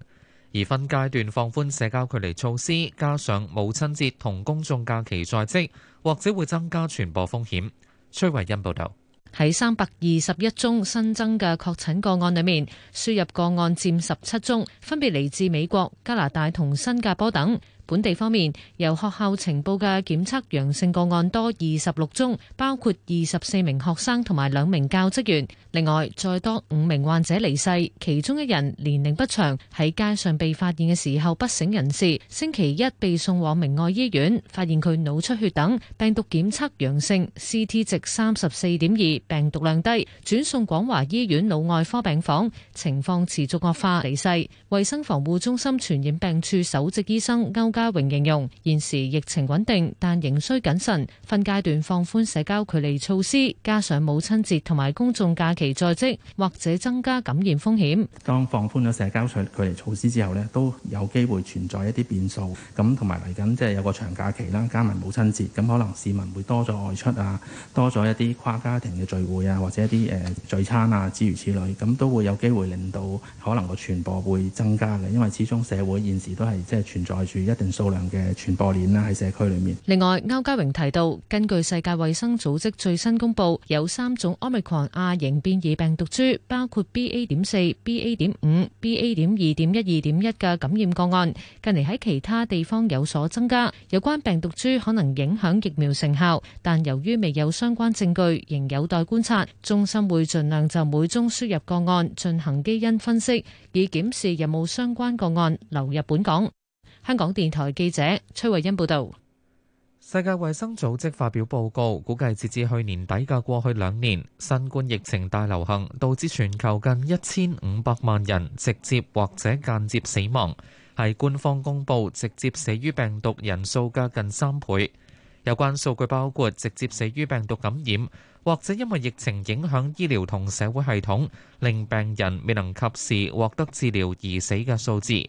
而分階段放寬社交距離措施，加上母親節同公眾假期在即，或者會增加傳播風險。崔慧欣報道。喺三百二十一宗新增嘅確診個案裏面，輸入個案佔十七宗，分別嚟自美國、加拿大同新加坡等。本地方面，由學校呈報嘅檢測陽性個案多二十六宗，包括二十四名學生同埋兩名教職員。另外，再多五名患者離世，其中一人年齡不詳，喺街上被發現嘅時候不省人事，星期一被送往明愛醫院，發現佢腦出血等病毒檢測陽性，CT 值三十四點二，病毒量低，轉送廣華醫院腦外科病房，情況持續惡化離世。衛生防護中心傳染病處首席醫生歐家榮形容現時疫情穩定，但仍需謹慎分階段放寬社交距離措施。加上母親節同埋公眾假期在即，或者增加感染風險，當放寬咗社交距離措施之後咧，都有機會存在一啲變數，咁同埋嚟緊即係有個長假期啦，加埋母親節，咁可能市民會多咗外出啊，多咗一啲跨家庭嘅聚會啊，或者一啲誒聚餐啊，諸如此類，咁都會有機會令到可能個傳播會增加嘅。因為始終社會現時都係即係存在住一數量嘅傳播鏈啦，喺社區裡面。另外，歐家榮提到，根據世界衛生組織最新公布，有三種奧密克戎亞型變異病毒株，包括 B A. 點四、B A. 點五、B A. 點二點一二點一嘅感染個案，近嚟喺其他地方有所增加。有關病毒株可能影響疫苗成效，但由於未有相關證據，仍有待觀察。中心會盡量就每宗輸入個案進行基因分析，以檢視有冇相關個案流入本港。香港電台記者崔慧欣報道，世界衛生組織發表報告，估計截至去年底嘅過去兩年，新冠疫情大流行導致全球近一千五百萬人直接或者間接死亡，係官方公布直接死於病毒人數嘅近三倍。有關數據包括直接死於病毒感染，或者因為疫情影響醫療同社會系統，令病人未能及時獲得治療而死嘅數字。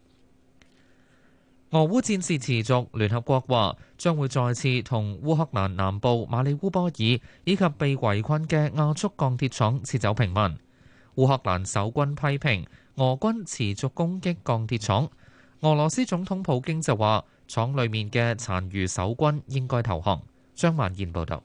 俄烏戰事持續，聯合國話將會再次同烏克蘭南部馬里烏波爾以及被圍困嘅亞速鋼鐵廠撤走平民。烏克蘭守軍批評俄軍持續攻擊鋼鐵廠，俄羅斯總統普京就話：廠裡面嘅殘餘守軍應該投降。張萬燕報道。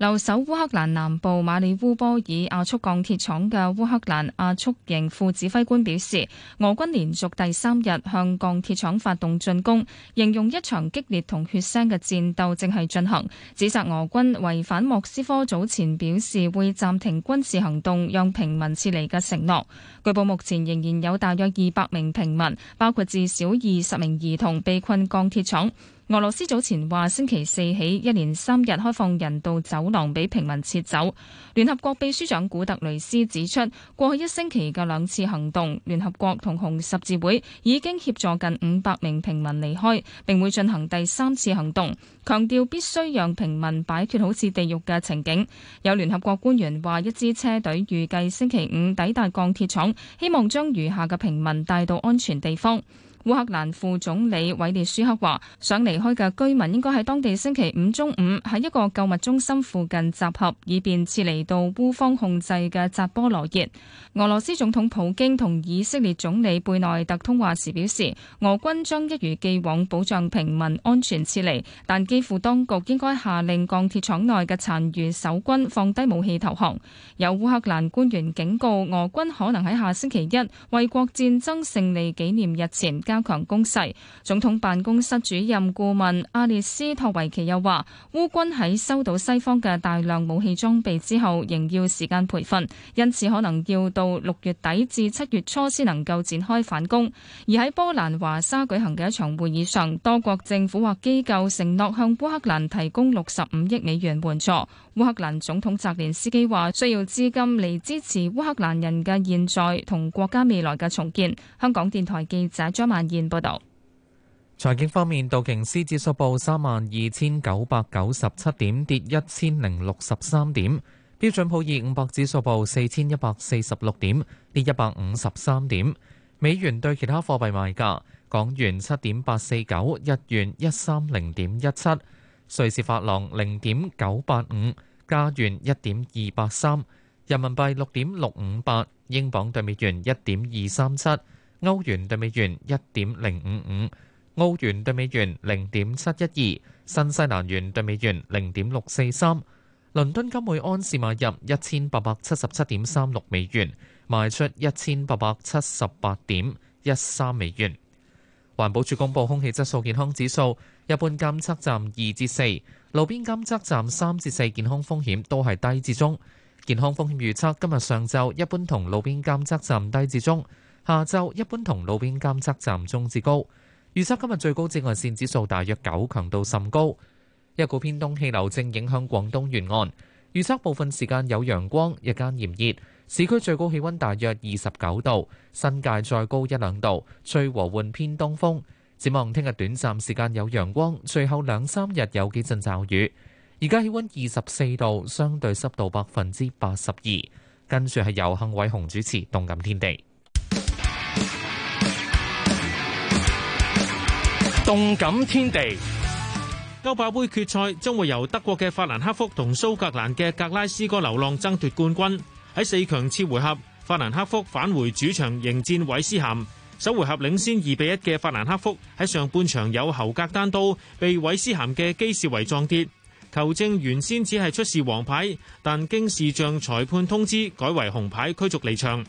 留守烏克蘭南部馬里烏波爾亞速鋼鐵廠嘅烏克蘭亞速營副指揮官表示，俄軍連續第三日向鋼鐵廠發動進攻，形容一場激烈同血腥嘅戰鬥正係進行，指責俄軍違反莫斯科早前表示會暫停軍事行動讓平民撤離嘅承諾。據報目前仍然有大約二百名平民，包括至少二十名兒童，被困鋼鐵廠。俄羅斯早前話，星期四起一連三日開放人道走廊俾平民撤走。聯合國秘書長古特雷斯指出，過去一星期嘅兩次行動，聯合國同紅十字會已經協助近五百名平民離開，並會進行第三次行動，強調必須讓平民擺脱好似地獄嘅情景。有聯合國官員話，一支車隊預計星期五抵達鋼鐵廠，希望將餘下嘅平民帶到安全地方。烏克蘭副總理韋列舒克話：想離開嘅居民應該喺當地星期五中午喺一個購物中心附近集合，以便撤離到烏方控制嘅扎波羅熱。俄羅斯總統普京同以色列總理貝內特通話時表示，俄軍將一如既往保障平民安全撤離，但基輔當局應該下令鋼鐵廠內嘅殘餘守軍放低武器投降。有烏克蘭官員警告，俄軍可能喺下星期一為國戰爭勝利紀念日前。加強攻勢。總統辦公室主任顧問阿列斯托維奇又話，烏軍喺收到西方嘅大量武器裝備之後，仍要時間培訓，因此可能要到六月底至七月初先能夠展開反攻。而喺波蘭華沙舉行嘅一場會議上，多國政府或機構承諾向烏克蘭提供六十五億美元援助。烏克蘭總統澤連斯基話：需要資金嚟支持烏克蘭人嘅現在同國家未來嘅重建。香港電台記者張曼燕報道。財經方面，道瓊斯指數報三萬二千九百九十七點，跌一千零六十三點；標準普爾五百指數報四千一百四十六點，跌一百五十三點。美元對其他貨幣賣價：港元七點八四九，日元一三零點一七。瑞士法郎零點九八五，加元一點二八三，人民幣六點六五八，英鎊兌美元一點二三七，歐元兌美元一點零五五，澳元兌美元零點七一二，新西蘭元兌美元零點六四三。倫敦金每安士買入一千八百七十七點三六美元，賣出一千八百七十八點一三美元。環保署公布空氣質素健康指數，一般監測站二至四，路邊監測站三至四，健康風險都係低至中。健康風險預測今日上晝一般同路邊監測站低至中，下晝一般同路邊監測站中至高。預測今日最高紫外線指數大約九，強度甚高。一股偏東氣流正影響廣東沿岸，預測部分時間有陽光，日間炎熱。市區最高氣溫大約二十九度，新界再高一兩度，吹和緩偏東風。展望聽日短暫時間有陽光，隨後兩三日有幾陣驟雨。而家氣溫二十四度，相對濕度百分之八十二。跟住係由幸偉雄主持《動感天地》。《動感天地》歐霸杯決賽將會由德國嘅法蘭克福同蘇格蘭嘅格拉斯哥流浪爭奪冠軍。喺四強次回合，法蘭克福返回主場迎戰韋斯咸。首回合領先二比一嘅法蘭克福喺上半場有侯格單刀被韋斯咸嘅基士維撞跌，球證原先只係出示黃牌，但經視像裁判通知改為紅牌驅逐離場。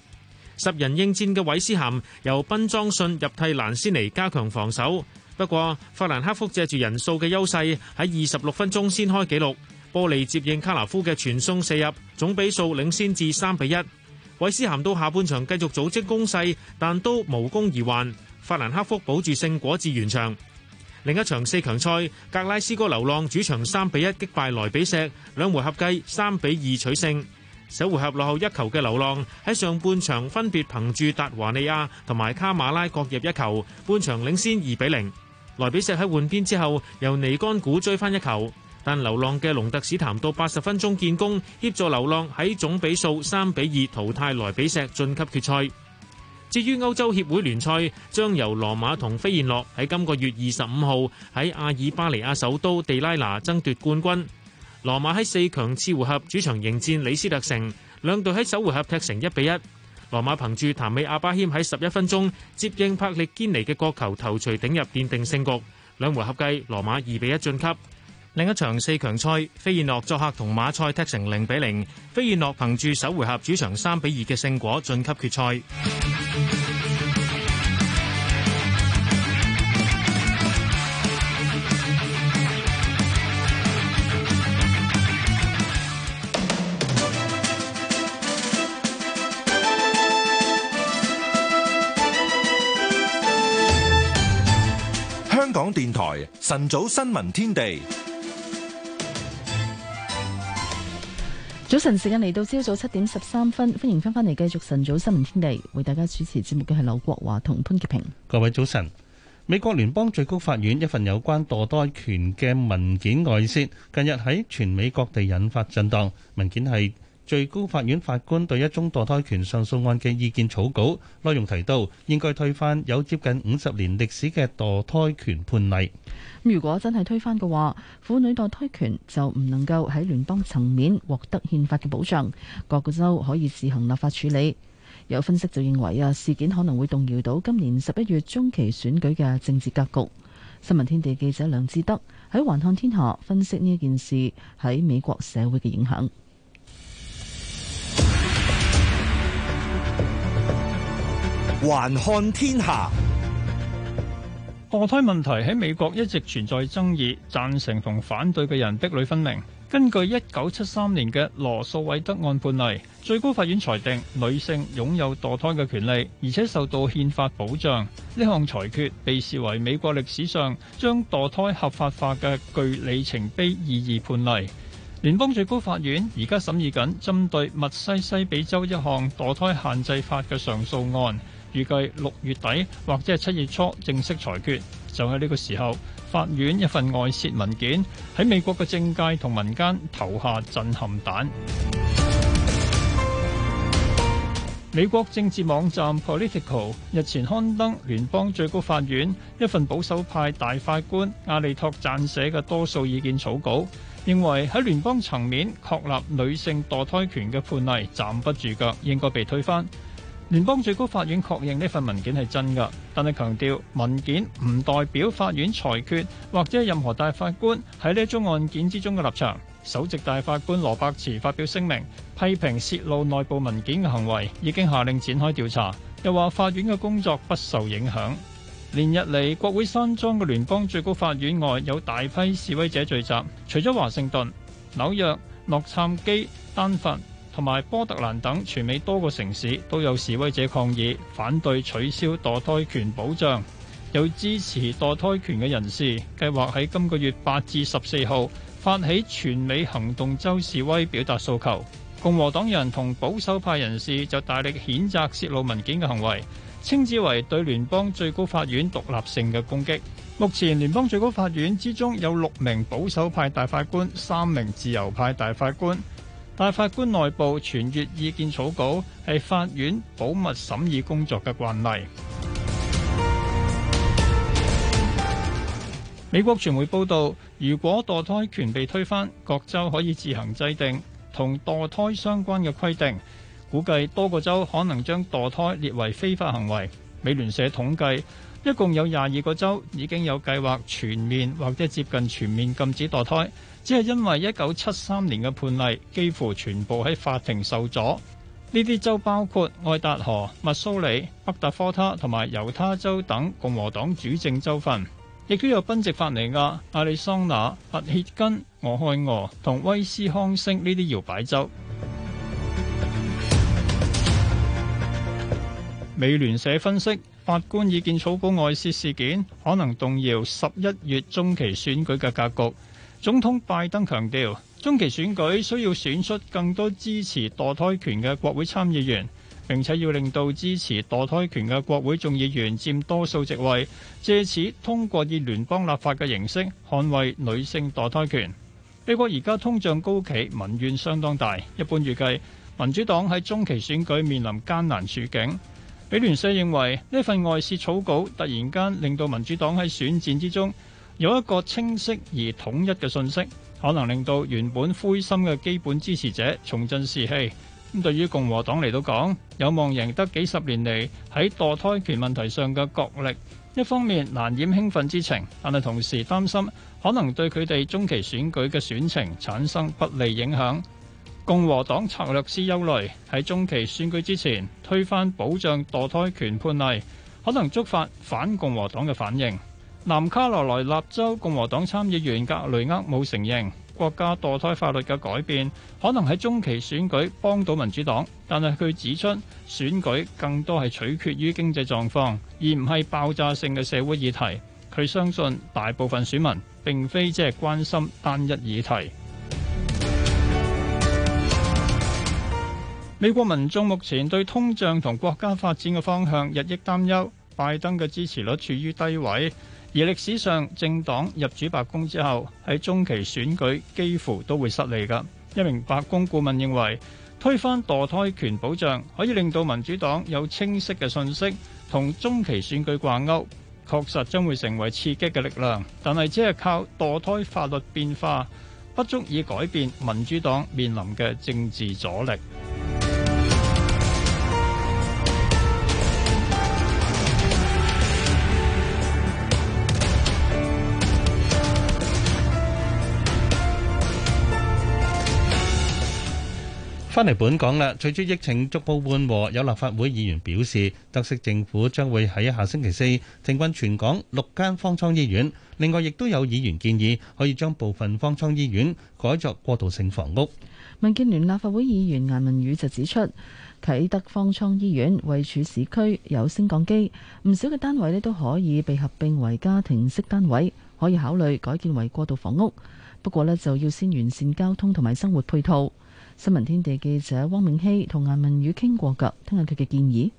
十人應戰嘅韋斯咸由賓莊遜入替蘭斯尼加強防守。不過法蘭克福借住人數嘅優勢喺二十六分鐘先開紀錄。波利接應卡拿夫嘅傳送射入，總比數領先至三比一。韋斯咸到下半場繼續組織攻勢，但都無功而還。法蘭克福保住勝果至完場。另一場四強賽，格拉斯哥流浪主場三比一擊敗萊比錫，兩回合計三比二取勝。首回合落後一球嘅流浪喺上半場分別憑住達華利亞同埋卡馬拉各入一球，半場領先二比零。萊比錫喺換邊之後由尼干古追翻一球。但流浪嘅隆特史潭到八十分鐘建功，協助流浪喺總比數三比二淘汰萊比錫，晉級決賽。至於歐洲協會聯賽將由羅馬同飛燕諾喺今個月二十五號喺阿爾巴尼亞首都地拉拿爭奪冠軍。羅馬喺四強次回合主場迎戰李斯特城，兩隊喺首回合踢成一比一。羅馬憑住譚美阿巴謙喺十一分鐘接應帕力堅尼嘅角球頭槌頂入奠定勝局，兩回合計羅馬二比一晉級。另一場四強賽，飛燕諾作客同馬賽踢成零比零，飛燕諾憑住首回合主場三比二嘅勝果晉級決賽。香港電台晨早新聞天地。早晨，時間嚟到，朝早七點十三分，歡迎翻返嚟繼續晨早新聞天地，為大家主持節目嘅係劉國華同潘潔平。各位早晨，美國聯邦最高法院一份有關墮胎權嘅文件外洩，近日喺全美各地引發震盪。文件係最高法院法官對一宗墮胎權上訴案嘅意見草稿內容提到，應該推翻有接近五十年歷史嘅墮胎權判例。如果真係推翻嘅話，婦女墮胎權就唔能夠喺聯邦層面獲得憲法嘅保障，各個州可以自行立法處理。有分析就認為啊，事件可能會動搖到今年十一月中期選舉嘅政治格局。新聞天地記者梁志德喺《橫看天下》分析呢一件事喺美國社會嘅影響。還看天下。墮胎問題喺美國一直存在爭議，贊成同反對嘅人壁壘分明。根據一九七三年嘅羅訴韋德案判例，最高法院裁定女性擁有墮胎嘅權利，而且受到憲法保障。呢項裁決被視為美國歷史上將墮胎合法化嘅具里程碑意義判例。聯邦最高法院而家審議緊針對密西西比州一項墮胎限制法嘅上訴案。預計六月底或者係七月初正式裁決，就喺、是、呢個時候，法院一份外泄文件喺美國嘅政界同民間投下震撼彈。 美國政治網站 Politico 日前刊登聯邦最高法院一份保守派大法官亞利托撰寫嘅多數意見草稿，認為喺聯邦層面確立女性墮胎權嘅判例站不住腳，應該被推翻。聯邦最高法院確認呢份文件係真㗎，但係強調文件唔代表法院裁決或者任何大法官喺呢宗案件之中嘅立場。首席大法官羅伯茨發表聲明，批評洩露內部文件嘅行為，已經下令展開調查。又話法院嘅工作不受影響。連日嚟，國會山莊嘅聯邦最高法院外有大批示威者聚集，除咗華盛頓、紐約、洛杉磯、丹佛。同埋波特蘭等全美多個城市都有示威者抗議，反對取消墮胎權保障。有支持墮胎權嘅人士計劃喺今個月八至十四號發起全美行動週示威，表達訴求。共和黨人同保守派人士就大力譴責泄露文件嘅行為，稱之為對聯邦最高法院獨立性嘅攻擊。目前聯邦最高法院之中有六名保守派大法官，三名自由派大法官。大法官內部傳閱意見草稿係法院保密審議工作嘅慣例。美國傳媒報道，如果墮胎權被推翻，各州可以自行制定同墮胎相關嘅規定。估計多個州可能將墮胎列為非法行為。美聯社統計，一共有廿二個州已經有計劃全面或者接近全面禁止墮胎。只係因為一九七三年嘅判例幾乎全部喺法庭受阻，呢啲州包括愛達荷、密蘇里、北達科他同埋猶他州等共和黨主政州份，亦都有賓夕法尼亞、亞利桑那、密歇根、俄亥俄同威斯康星呢啲搖擺州。美聯社分析，法官意見草稿外泄事，事件可能動搖十一月中期選舉嘅格局。總統拜登強調，中期選舉需要選出更多支持墮胎權嘅國會參議員，並且要令到支持墮胎權嘅國會眾議員佔多數席位，借此通過以聯邦立法嘅形式捍衛女性墮胎權。美國而家通脹高企，民怨相當大，一般預計民主黨喺中期選舉面臨艱難處境。美聯社認為呢份外泄草稿突然間令到民主黨喺選戰之中，有一個清晰而統一嘅信息，可能令到原本灰心嘅基本支持者重振士氣。咁對於共和黨嚟到講，有望贏得幾十年嚟喺墮胎權問題上嘅角力。一方面難掩興奮之情，但係同時擔心可能對佢哋中期選舉嘅選情產生不利影響。共和黨策略師憂慮喺中期選舉之前推翻保障墮胎權判例，可能觸發反共和黨嘅反應。南卡羅來納州共和黨參議員格雷厄姆承認國家墮胎法律嘅改變可能喺中期選舉幫到民主黨，但係佢指出選舉更多係取決於經濟狀況，而唔係爆炸性嘅社會議題。佢相信大部分選民並非只係關心單一議題。美國民眾目前對通脹同國家發展嘅方向日益擔憂，拜登嘅支持率處於低位。而歷史上，政黨入主白宮之後，喺中期選舉幾乎都會失利㗎。一名白宮顧問認為，推翻墮胎權保障可以令到民主黨有清晰嘅信息同中期選舉掛鈎，確實將會成為刺激嘅力量。但係，只係靠墮胎法律變化，不足以改變民主黨面臨嘅政治阻力。翻嚟本港啦，隨住疫情逐步緩和，有立法會議員表示，特色政府將會喺下星期四停運全港六間方艙醫院。另外，亦都有議員建議可以將部分方艙醫院改作過渡性房屋。民建聯立法會議員顏文宇就指出，啟德方艙醫院位處市區，有升降機，唔少嘅單位咧都可以被合併為家庭式單位，可以考慮改建為過渡房屋。不過咧，就要先完善交通同埋生活配套。新聞天地記者汪明熙同顏汶羽傾過偈，聽下佢嘅建議。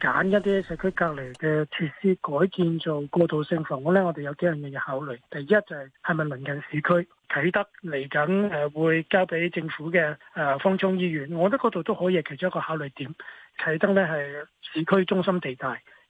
揀一啲社區隔離嘅設施改建做過渡性房屋呢，我哋有幾樣嘢要考慮。第一就係係咪鄰近市區？啟德嚟緊誒會交俾政府嘅誒方艙醫院，我覺得嗰度都可以其中一個考慮點。啟德呢係市區中心地帶，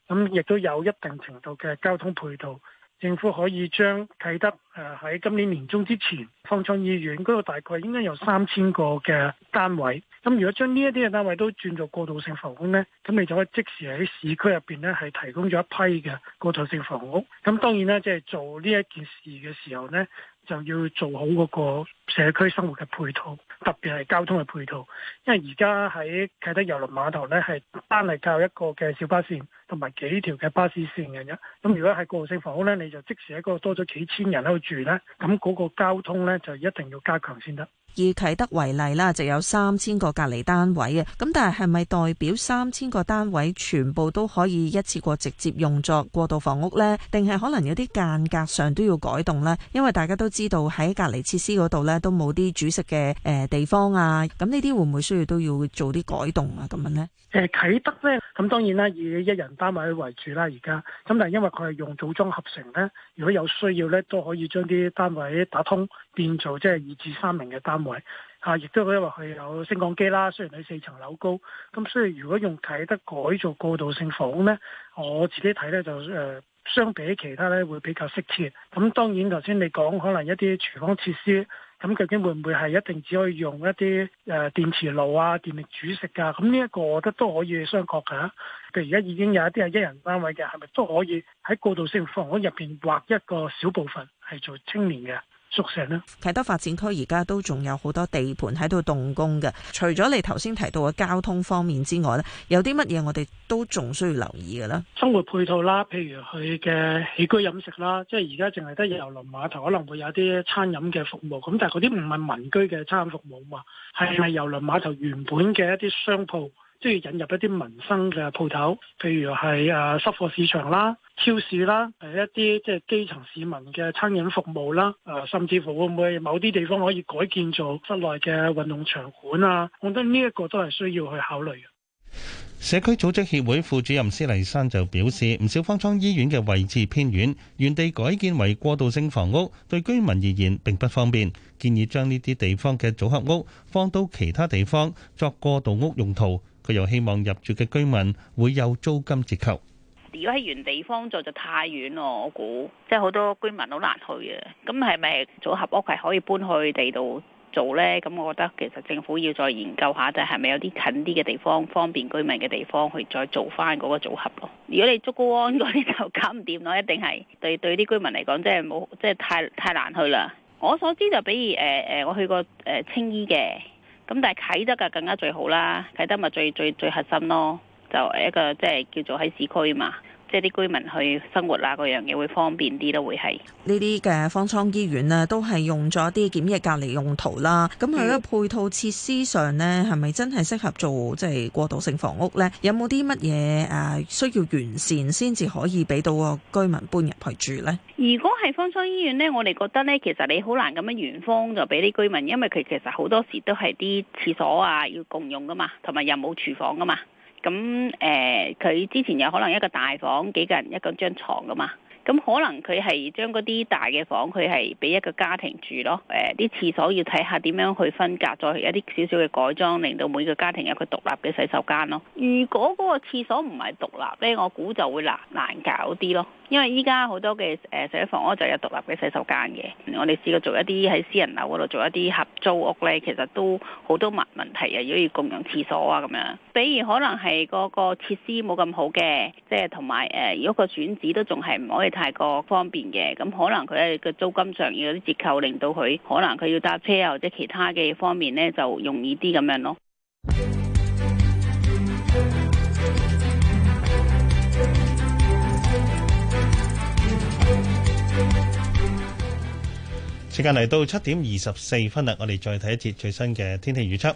咁、嗯、亦都有一定程度嘅交通配套。政府可以將啟德誒喺今年年中之前方艙醫院，嗰度大概應該有三千個嘅單位。咁如果將呢一啲嘅單位都轉做過渡性房屋呢，咁你就可以即時喺市區入邊呢係提供咗一批嘅過渡性房屋。咁當然啦，即係做呢一件事嘅時候呢，就要做好嗰個社區生活嘅配套，特別係交通嘅配套。因為而家喺啟德郵輪碼頭呢，係單係靠一個嘅小巴線同埋幾條嘅巴士線嘅啫。咁如果係個性房屋呢，你就即時喺嗰度多咗幾千人喺度住呢，咁嗰個交通呢，就一定要加強先得。以啟德為例啦，就有三千個隔離單位啊，咁但係係咪代表三千個單位全部都可以一次過直接用作過渡房屋呢？定係可能有啲間隔上都要改動呢？因為大家都知道喺隔離設施嗰度呢，都冇啲煮食嘅誒地方啊，咁呢啲會唔會需要都要做啲改動啊？咁樣呢，誒，啟德呢，咁當然啦，以一人單位為主啦，而家咁但係因為佢係用組裝合成呢，如果有需要呢，都可以將啲單位打通，變做即係二至三名嘅單位。位吓，亦、啊、都因為佢有升降機啦。雖然佢四層樓高，咁所以如果用啟德改造過渡性房屋呢，我自己睇呢就誒、呃，相比其他呢會比較適切。咁當然頭先你講可能一啲廚房設施，咁究竟會唔會係一定只可以用一啲誒、呃、電磁爐啊、電力煮食啊？咁呢一個我覺得都可以商榷嘅。其實而家已經有一啲係一人單位嘅，係咪都可以喺過渡性房屋入邊劃一個小部分係做青年嘅？宿舍咧，啟德發展區而家都仲有好多地盤喺度動工嘅。除咗你頭先提到嘅交通方面之外呢，有啲乜嘢我哋都仲需要留意嘅啦？生活配套啦，譬如佢嘅起居飲食啦，即係而家淨係得遊輪碼頭可能會有啲餐飲嘅服務，咁但係嗰啲唔係民居嘅餐飲服務嘛，係咪遊輪碼頭原本嘅一啲商鋪，即係引入一啲民生嘅鋪頭，譬如係誒濕貨市場啦？超市啦，係一啲即係基層市民嘅餐飲服務啦，啊，甚至乎會唔會某啲地方可以改建做室內嘅運動場館啊？我覺得呢一個都係需要去考慮嘅。社區組織協會副主任施麗珊就表示，唔少方艙醫院嘅位置偏遠，原地改建為過渡性房屋，對居民而言並不方便。建議將呢啲地方嘅組合屋放到其他地方作過渡屋用途。佢又希望入住嘅居民會有租金折扣。如果喺原地方做就太遠咯，我估即係好多居民好難去嘅。咁係咪組合屋係可以搬去地度做呢？咁我覺得其實政府要再研究下，就係咪有啲近啲嘅地方，方便居民嘅地方去再做翻嗰個組合咯。如果你竹篙灣嗰啲就搞唔掂咯，一定係對對啲居民嚟講，即係冇即係太太難去啦。我所知就比如誒誒、呃呃，我去過誒青、呃、衣嘅，咁但係啟德嘅更加最好啦，啟德咪最最最核心咯。就係一個即係、就是、叫做喺市區嘛，即係啲居民去生活啊，嗰樣嘢會方便啲咯。會係。呢啲嘅方艙醫院呢，都係用咗啲檢疫隔離用途啦。咁佢個配套設施上呢，係咪真係適合做即係、就是、過渡性房屋呢？有冇啲乜嘢誒需要完善先至可以俾到個居民搬入去住呢？如果係方艙醫院呢，我哋覺得呢，其實你好難咁樣遠方就俾啲居民，因為佢其實好多時都係啲廁所啊要共用噶嘛，同埋又冇廚房噶嘛。咁誒，佢、呃、之前有可能一個大房幾個人一個張床噶嘛，咁可能佢係將嗰啲大嘅房，佢係俾一個家庭住咯。誒、呃，啲廁所要睇下點樣去分隔，再去一啲少少嘅改裝，令到每個家庭有個獨立嘅洗手間咯。如果嗰個廁所唔係獨立呢，我估就會難難搞啲咯。因為依家好多嘅誒洗房屋就有獨立嘅洗手間嘅，我哋試過做一啲喺私人樓嗰度做一啲合租屋咧，其實都好多問問題啊，如果要共用廁所啊咁樣。比如可能係嗰個設施冇咁好嘅，即係同埋誒如果個選址都仲係唔可以太過方便嘅，咁可能佢喺個租金上要有啲折扣，令到佢可能佢要搭車啊或者其他嘅方面咧就容易啲咁樣咯。時間嚟到七點二十四分啦，我哋再睇一節最新嘅天氣預測。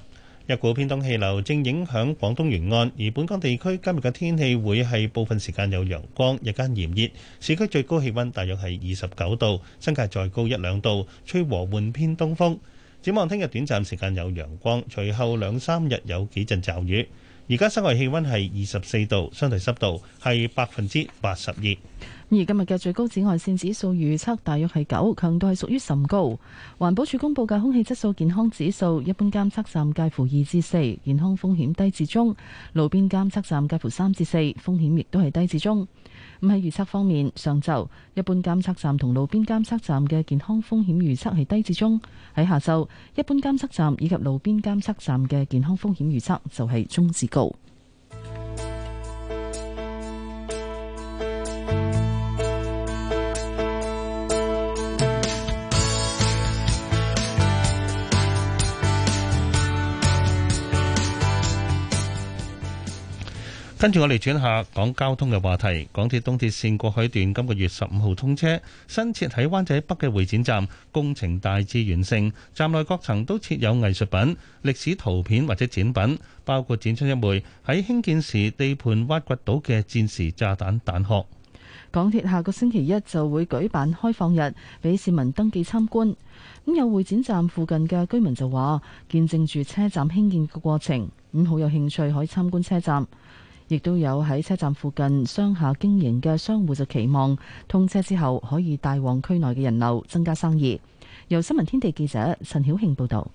一股偏東氣流正影響廣東沿岸，而本港地區今日嘅天氣會係部分時間有陽光，日間炎熱，市區最高氣温大約係二十九度，新界再高一兩度，吹和緩偏東風。展望聽日短暫時間有陽光，隨後兩三日有幾陣驟雨。而家室外氣温係二十四度，相對濕度係百分之八十二。而今日嘅最高紫外線指數預測大約係九，強度係屬於甚高。環保署公佈嘅空氣質素健康指數，一般監測站介乎二至四，健康風險低至中；路邊監測站介乎三至四，風險亦都係低至中。咁喺預測方面，上晝一般監測站同路邊監測站嘅健康風險預測係低至中；喺下晝，一般監測站以及路邊監測站嘅健康風險預測就係中至高。跟住我哋轉下講交通嘅話題。港鐵東鐵線過海段今個月十五號通車，新設喺灣仔北嘅會展站工程大致完成，站內各層都設有藝術品、歷史圖片或者展品，包括展出一枚喺興建時地盤挖掘到嘅戰時炸彈彈殼。港鐵下個星期一就會舉辦開放日，俾市民登記參觀。咁有會展站附近嘅居民就話，見證住車站興建嘅過程，咁好有興趣可以參觀車站。亦都有喺車站附近商廈經營嘅商戶就期望通車之後可以帶旺區內嘅人流，增加生意。由新聞天地記者陳曉慶報道。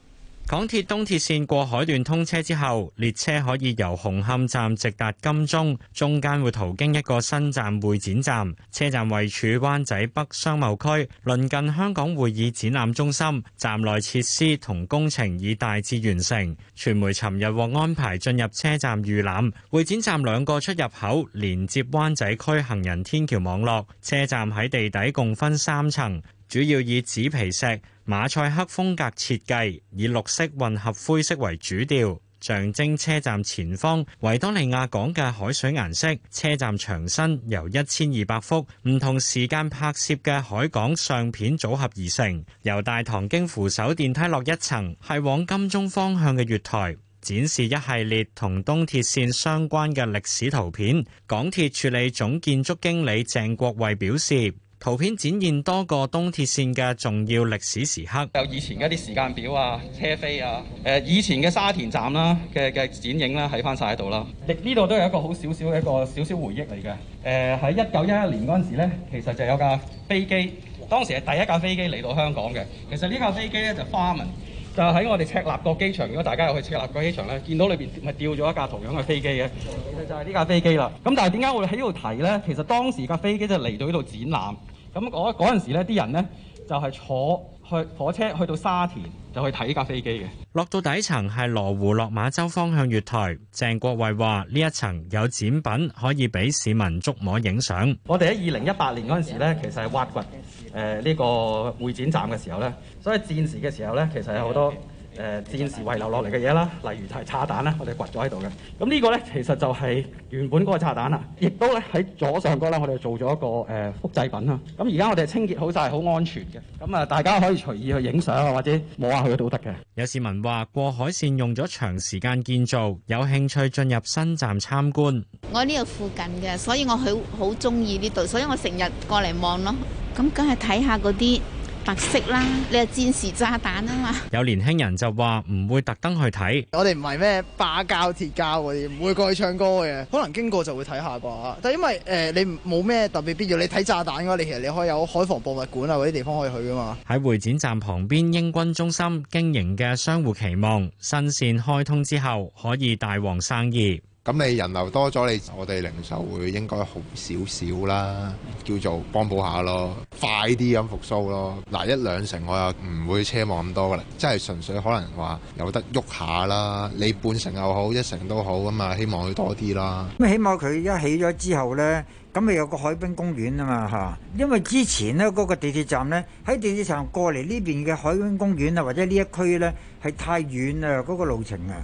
港鐵東鐵線過海段通車之後，列車可以由紅磡站直達金鐘，中間會途經一個新站——會展站。車站位處灣仔北商貿區，鄰近香港會議展覽中心。站內設施同工程已大致完成。傳媒尋日獲安排進入車站預覽。會展站兩個出入口連接灣仔區行人天橋網絡。車站喺地底共分三層。主要以紙皮石馬賽克風格設計，以綠色混合灰色為主調，象徵車站前方維多利亞港嘅海水顏色。車站牆身由一千二百幅唔同時間拍攝嘅海港相片組合而成。由大堂經扶手電梯落一層，係往金鐘方向嘅月台，展示一系列同東鐵綫相關嘅歷史圖片。港鐵處理總建築經理鄭國衛表示。圖片展現多個東鐵線嘅重要歷史時刻，有以前一啲時間表啊、車飛啊、誒、呃、以前嘅沙田站啦嘅嘅剪影啦，喺翻晒喺度啦。呢度都，都有一個好少少嘅一個少少回憶嚟嘅。誒喺一九一一年嗰陣時咧，其實就有架飛機，當時係第一架飛機嚟到香港嘅。其實呢架飛機咧就是、花文，就喺、是、我哋赤鱲角機場。如果大家有去赤鱲角機場咧，見到裏邊咪掉咗一架同樣嘅飛機嘅，其實就係呢架飛機啦。咁但係點解我喺呢度提咧？其實當時架飛機就嚟到呢度展覽。咁嗰嗰陣時呢，啲人呢，就係、是、坐去火車去到沙田，就去睇架飛機嘅。落到底層係羅湖落馬洲方向月台。鄭國衞話：呢一層有展品可以俾市民捉摸影相。我哋喺二零一八年嗰陣時呢，其實係挖掘誒呢個會展站嘅時候呢。所以戰時嘅時候呢，其實有好多，誒戰時遺留落嚟嘅嘢啦，例如就係炸彈啦，我哋掘咗喺度嘅。咁呢個咧，其實就係原本嗰個炸彈啦，亦都咧喺左上角啦，我哋做咗一個誒、呃、複製品啦。咁而家我哋清潔好晒，好安全嘅。咁啊，大家可以隨意去影相或者摸下去都得嘅。有市民話：過海線用咗長時間建造，有興趣進入新站參觀。我喺呢度附近嘅，所以我好好中意呢度，所以我成日過嚟望咯。咁梗係睇下嗰啲。白色啦，你係戰時炸彈啊嘛。有年輕人就話唔會特登去睇，我哋唔係咩巴膠鐵膠嗰啲，唔會過去唱歌嘅。可能經過就會睇下啩，但係因為誒、呃、你冇咩特別必要，你睇炸彈嘅話，你其實你可以有海防博物館啊嗰啲地方可以去噶嘛。喺會展站旁邊英軍中心經營嘅商戶，期望新線開通之後可以大旺生意。咁你人流多咗，你我哋零售會應該好少少啦，叫做幫補下咯，快啲咁復甦咯。嗱，一兩成我又唔會奢望咁多噶啦，即係純粹可能話有得喐下啦。你半成又好，一成都好咁嘛，希望佢多啲啦。咁起碼佢一起咗之後呢，咁咪有個海濱公園啊嘛嚇，因為之前呢嗰個地鐵站呢，喺地鐵站過嚟呢邊嘅海濱公園啊，或者呢一區呢，係太遠啦，嗰個路程啊。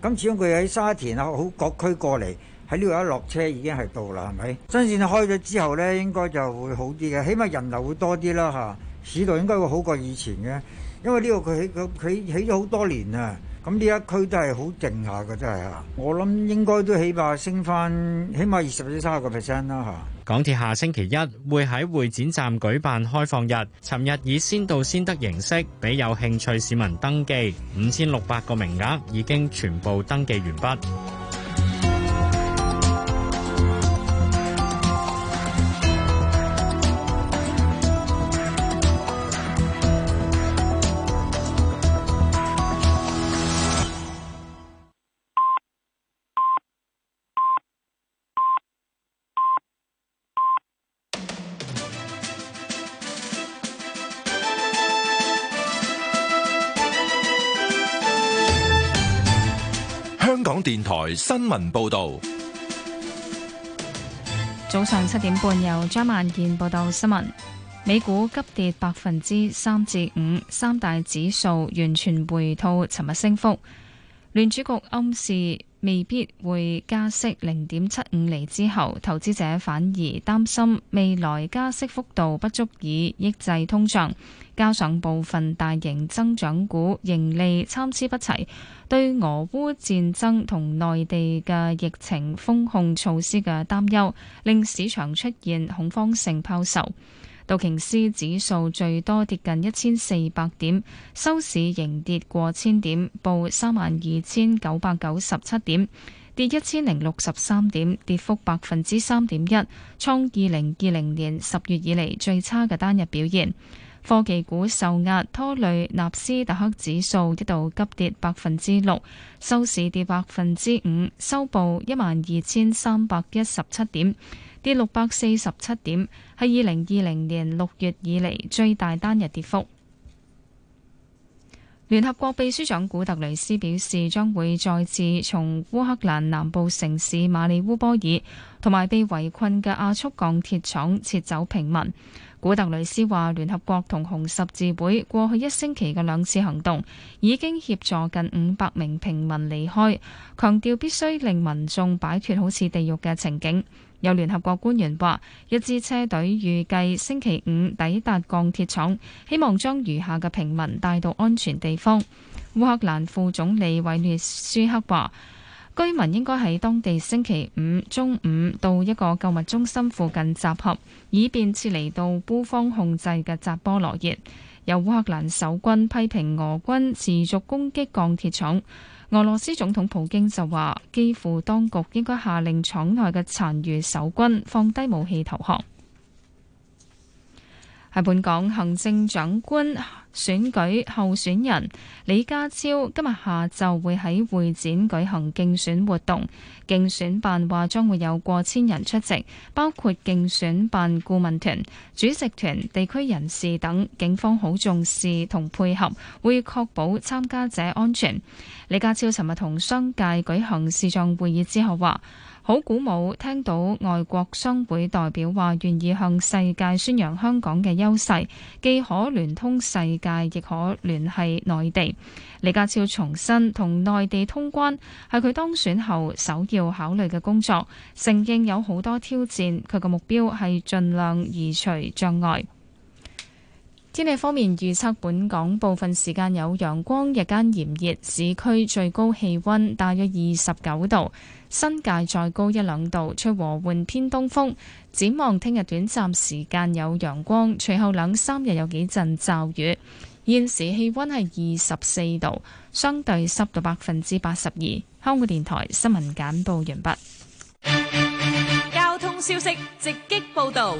咁始終佢喺沙田啊，好各區過嚟喺呢度一落車已經係到啦，係咪？新線開咗之後咧，應該就會好啲嘅，起碼人流會多啲啦嚇，市道應該會好過以前嘅，因為呢個佢起佢起起咗好多年啊。咁呢一區都係好靜下㗎，真係啊！我諗應該都起碼升翻，起碼二十至三十個 percent 啦嚇。港鐵下星期一會喺會展站舉辦開放日，尋日以先到先得形式俾有興趣市民登記，五千六百個名額已經全部登記完畢。電台新聞報道，早上七點半由張萬健報道新聞。美股急跌百分之三至五，三大指數完全回吐尋日升幅。聯儲局暗示。未必會加息零點七五厘之後，投資者反而擔心未來加息幅度不足以抑制通脹，加上部分大型增長股盈利參差不齊，對俄烏戰爭同內地嘅疫情封控措施嘅擔憂，令市場出現恐慌性拋售。道瓊斯指數最多跌近一千四百點，收市仍跌過千點，報三萬二千九百九十七點，跌一千零六十三點，跌幅百分之三點一，創二零二零年十月以嚟最差嘅單日表現。科技股受壓拖累納斯達克指數一度急跌百分之六，收市跌百分之五，收報一萬二千三百一十七點。跌六百四十七點，係二零二零年六月以嚟最大單日跌幅。聯合國秘書長古特雷斯表示，將會再次從烏克蘭南部城市馬里烏波爾同埋被圍困嘅亞速鋼鐵廠撤走平民。古特雷斯話：聯合國同紅十字會過去一星期嘅兩次行動已經協助近五百名平民離開，強調必須令民眾擺脱好似地獄嘅情景。有聯合國官員話，一支車隊預計星期五抵達鋼鐵廠，希望將餘下嘅平民帶到安全地方。烏克蘭副總理韋列舒克話，居民應該喺當地星期五中午到一個購物中心附近集合，以便撤離到烏方控制嘅扎波羅熱。有烏克蘭守軍批評俄軍持續攻擊鋼鐵廠。俄羅斯總統普京就話：幾乎當局應該下令廠內嘅殘餘守軍放低武器投降。喺本港行政長官選舉候選人李家超今日下晝會喺會展舉行競選活動，競選辦話將會有過千人出席，包括競選辦顧問團、主席團、地區人士等。警方好重視同配合，會確保參加者安全。李家超尋日同商界舉行視像會議之後話。好鼓舞，聽到外國商會代表話願意向世界宣揚香港嘅優勢，既可聯通世界，亦可聯繫內地。李家超重申，同內地通關係佢當選後首要考慮嘅工作。承認有好多挑戰，佢嘅目標係盡量移除障礙。天氣方面，預測本港部分時間有陽光，日間炎熱，市區最高氣温大約二十九度，新界再高一兩度，吹和緩偏東風。展望聽日短暫時間有陽光，隨後兩三日有幾陣驟雨。現時氣温係二十四度，相對濕度百分之八十二。香港電台新聞簡報完畢。交通消息直擊報道。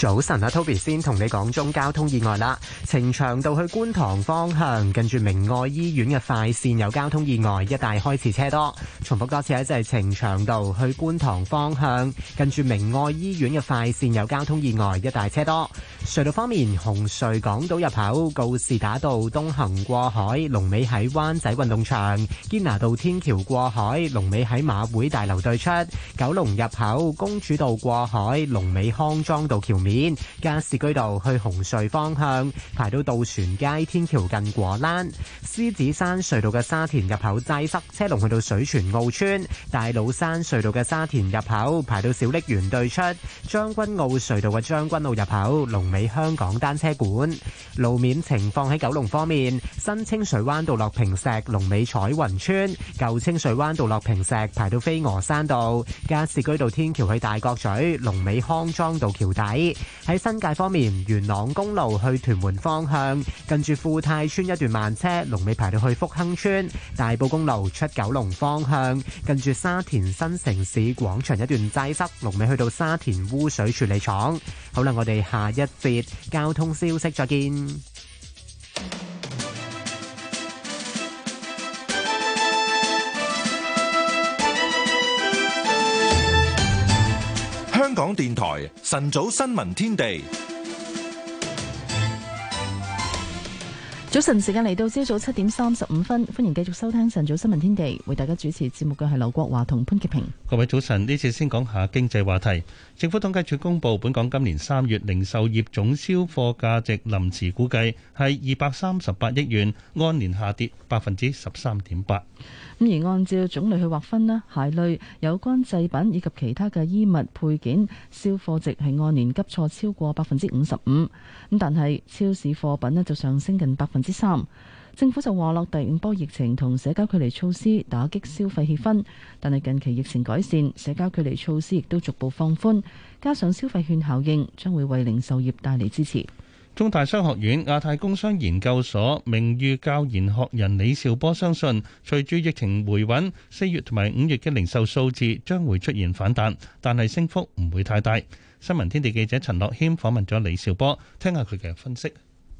早晨啊，Toby 先同你講中交通意外啦。呈祥道去觀塘方向，近住明愛醫院嘅快線有交通意外，一帶開始車多。重複多次啊，就係呈祥道去觀塘方向，近住明愛醫院嘅快線有交通意外，一帶車多。隧道方面，紅隧港島入口告士打道東行過海，龍尾喺灣仔運動場；堅拿道天橋過海，龍尾喺馬會大樓對出；九龍入口公主道過海，龍尾康莊道橋面。加士居道去紅隧方向排到渡船街天橋近果欄，獅子山隧道嘅沙田入口擠塞，車龍去到水泉澳村；大老山隧道嘅沙田入口排到小瀝源對出，將軍澳隧道嘅將軍澳入口龍尾香港單車館。路面情況喺九龍方面，新清水灣道落坪石龍尾彩雲村，舊清水灣道落坪石排到飛鵝山道，加士居道天橋去大角咀龍尾康莊道橋底。喺新界方面，元朗公路去屯門方向，近住富泰村一段慢車，龍尾排到去福亨村；大埔公路出九龍方向，近住沙田新城市廣場一段擠塞，龍尾去到沙田污水處理廠。好啦，我哋下一節交通消息再見。電台晨早新聞天地，早晨時間嚟到朝早七點三十五分，歡迎繼續收聽晨早新聞天地，為大家主持節目嘅係劉國華同潘潔平。各位早晨，呢次先講下經濟話題。政府統計處公佈，本港今年三月零售業總銷貨價值臨時估計係二百三十八億元，按年下跌百分之十三點八。咁而按照種類去劃分呢，鞋類、有關製品以及其他嘅衣物配件，銷貨值係按年急挫超過百分之五十五。咁但係超市貨品呢就上升近百分之三。政府就話落第五波疫情同社交距離措施打擊消費氣氛，但係近期疫情改善，社交距離措施亦都逐步放寬，加上消費券效應，將會為零售業帶嚟支持。中大商學院亞太工商研究所名譽教研學人李兆波相信，隨住疫情回穩，四月同埋五月嘅零售數字將會出現反彈，但係升幅唔會太大。新聞天地記者陳樂謙訪問咗李兆波，聽下佢嘅分析。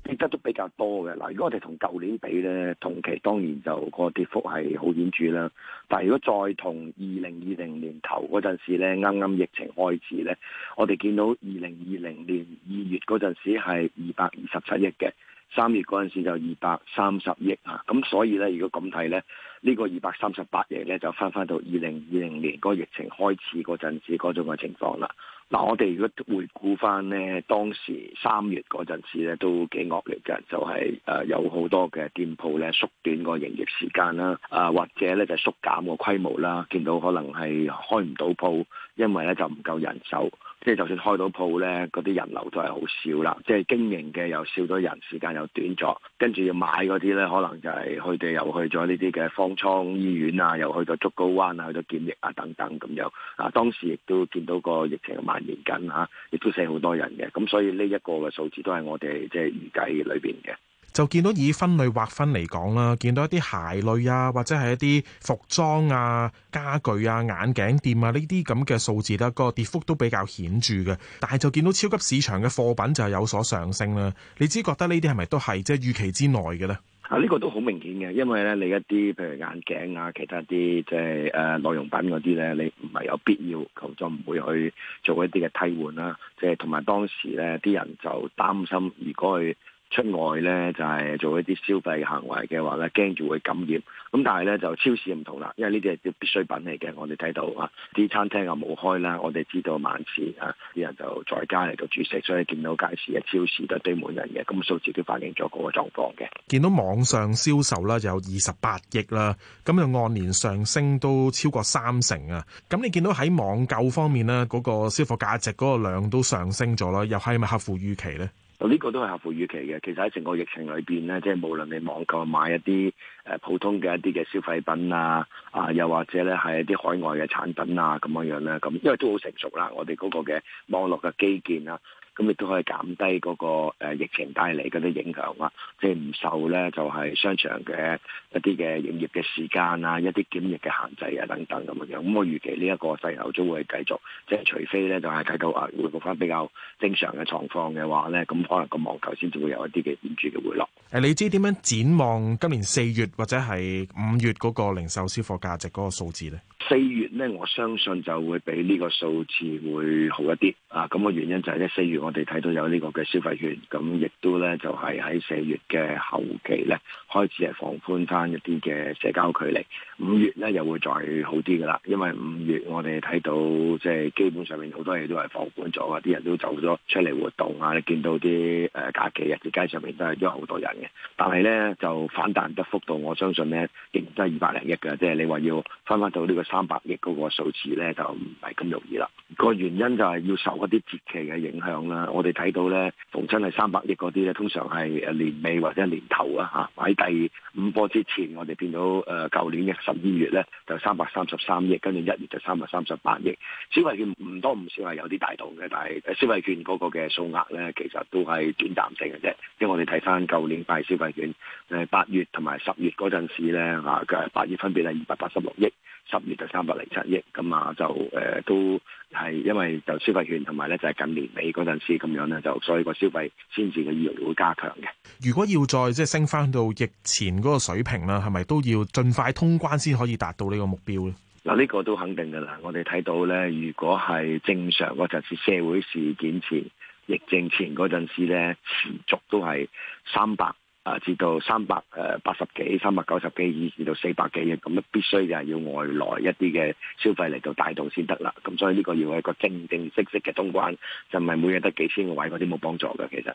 跌得都比較多嘅。嗱，如果我哋同舊年比咧，同期當然就個跌幅係好顯著啦。但如果再同二零二零年頭嗰陣時咧，啱啱疫情開始咧，我哋見到二零二零年二月嗰陣時係二百二十七億嘅，三月嗰陣時就二百三十億啊，咁所以咧，如果咁睇咧。呢個二百三十八嘢呢，就翻翻到二零二零年個疫情開始嗰陣時嗰種嘅情況啦。嗱、啊，我哋如果回顧翻呢當時三月嗰陣時呢都幾惡劣嘅，就係、是、誒、呃、有好多嘅店鋪呢縮短個營業時間啦，啊或者呢就是、縮減個規模啦，見到可能係開唔到鋪。因為咧就唔夠人手，即係就算開到鋪咧，嗰啲人流都係好少啦。即係經營嘅又少咗人，時間又短咗，跟住要買嗰啲咧，可能就係佢哋又去咗呢啲嘅方艙醫院啊，又去到竹篙灣啊，去到檢疫啊等等咁樣。啊，當時亦都見到個疫情蔓延緊嚇，亦、啊、都死好多人嘅。咁所以呢一個嘅數字都係我哋即係預計裏邊嘅。就見到以分類劃分嚟講啦，見到一啲鞋類啊，或者係一啲服裝啊、家具啊、眼鏡店啊呢啲咁嘅數字啦，個跌幅都比較顯著嘅。但係就見到超級市場嘅貨品就有所上升啦。你只覺得呢啲係咪都係即係預期之內嘅咧？啊，呢個都好明顯嘅，因為咧你一啲譬如眼鏡啊，其他啲即係誒內容品嗰啲咧，你唔係有必要購裝，唔會去做一啲嘅替換啦。即係同埋當時咧，啲人就擔心如果去。出外咧就係做一啲消費行為嘅話咧，驚住會感染。咁但係咧就超市唔同啦，因為呢啲係必需品嚟嘅。我哋睇到啊，啲餐廳又冇開啦。我哋知道晚市啊，啲人就在家嚟到煮食，所以見到街市嘅超市都堆滿人嘅，咁數字都反映咗嗰個狀況嘅。見到網上銷售啦就有二十八億啦，咁就按年上升都超過三成啊！咁你見到喺網購方面呢，嗰個消費價值嗰個量都上升咗啦，又係咪合乎預期呢？呢個都係合乎預期嘅，其實喺成個疫情裏邊咧，即係無論你網購買一啲誒普通嘅一啲嘅消費品啊，啊又或者咧係一啲海外嘅產品啊咁樣樣咧，咁因為都好成熟啦，我哋嗰個嘅網絡嘅基建啊。咁亦都可以減低嗰個疫情帶嚟嗰啲影響啦，即係唔受咧就係商場嘅一啲嘅營業嘅時間啊，一啲檢疫嘅限制啊等等咁樣。咁我預期呢一個勢頭都會繼續，即係除非咧就係睇到啊回復翻比較正常嘅狀況嘅話咧，咁可能個網購先就會有一啲嘅顯著嘅回落。誒，你知點樣展望今年四月或者係五月嗰個零售銷貨價值嗰個數字咧？四月咧，我相信就會比呢個數字會好一啲啊！咁個原因就係咧，四月我哋睇到有個、啊、呢個嘅消費券，咁亦都咧就係喺四月嘅後期咧開始係放寬翻一啲嘅社交距離。五月咧又會再好啲㗎啦，因為五月我哋睇到即係基本上面好多嘢都係放寬咗啲人都走咗出嚟活動啊，見到啲誒假期日、啊、啲街，街上面都係都好多人嘅。但係咧就反彈得幅度，我相信咧仍然都係二百零億㗎，即係你話要翻翻到呢個三百億嗰個數字咧，就唔係咁容易啦。個原因就係要受一啲節期嘅影響啦。我哋睇到咧，逢親係三百億嗰啲咧，通常係誒年尾或者年頭啊，嚇喺第五波之前，我哋見到誒舊、呃、年嘅。十二月咧就三百三十三億，跟住一月就三百三十八億，消費券唔多唔少係有啲大動嘅，但係消費券嗰個嘅數額咧，其實都係短暫性嘅啫。因為我哋睇翻舊年賣消費券，誒八月同埋十月嗰陣時咧嚇，嘅、啊、八月分別係二百八十六億。十月就三百零七億，咁啊，就誒都係因為就消費券同埋咧就係近年尾嗰陣時咁樣咧，就所以個消費先至嘅意願會加強嘅。如果要再即係升翻到疫前嗰個水平啦，係咪都要盡快通關先可以達到呢個目標咧？嗱，呢個都肯定噶啦。我哋睇到咧，如果係正常嗰陣時，社會事件前、疫症前嗰陣時咧，持續都係三百。啊，至到三百誒八十幾、三百九十幾，以至到四百幾億，咁都必須就係要外來一啲嘅消費嚟到帶動先得啦。咁所以呢個要係一個正正式式嘅通關，就唔係每日得幾千個位嗰啲冇幫助嘅，其實。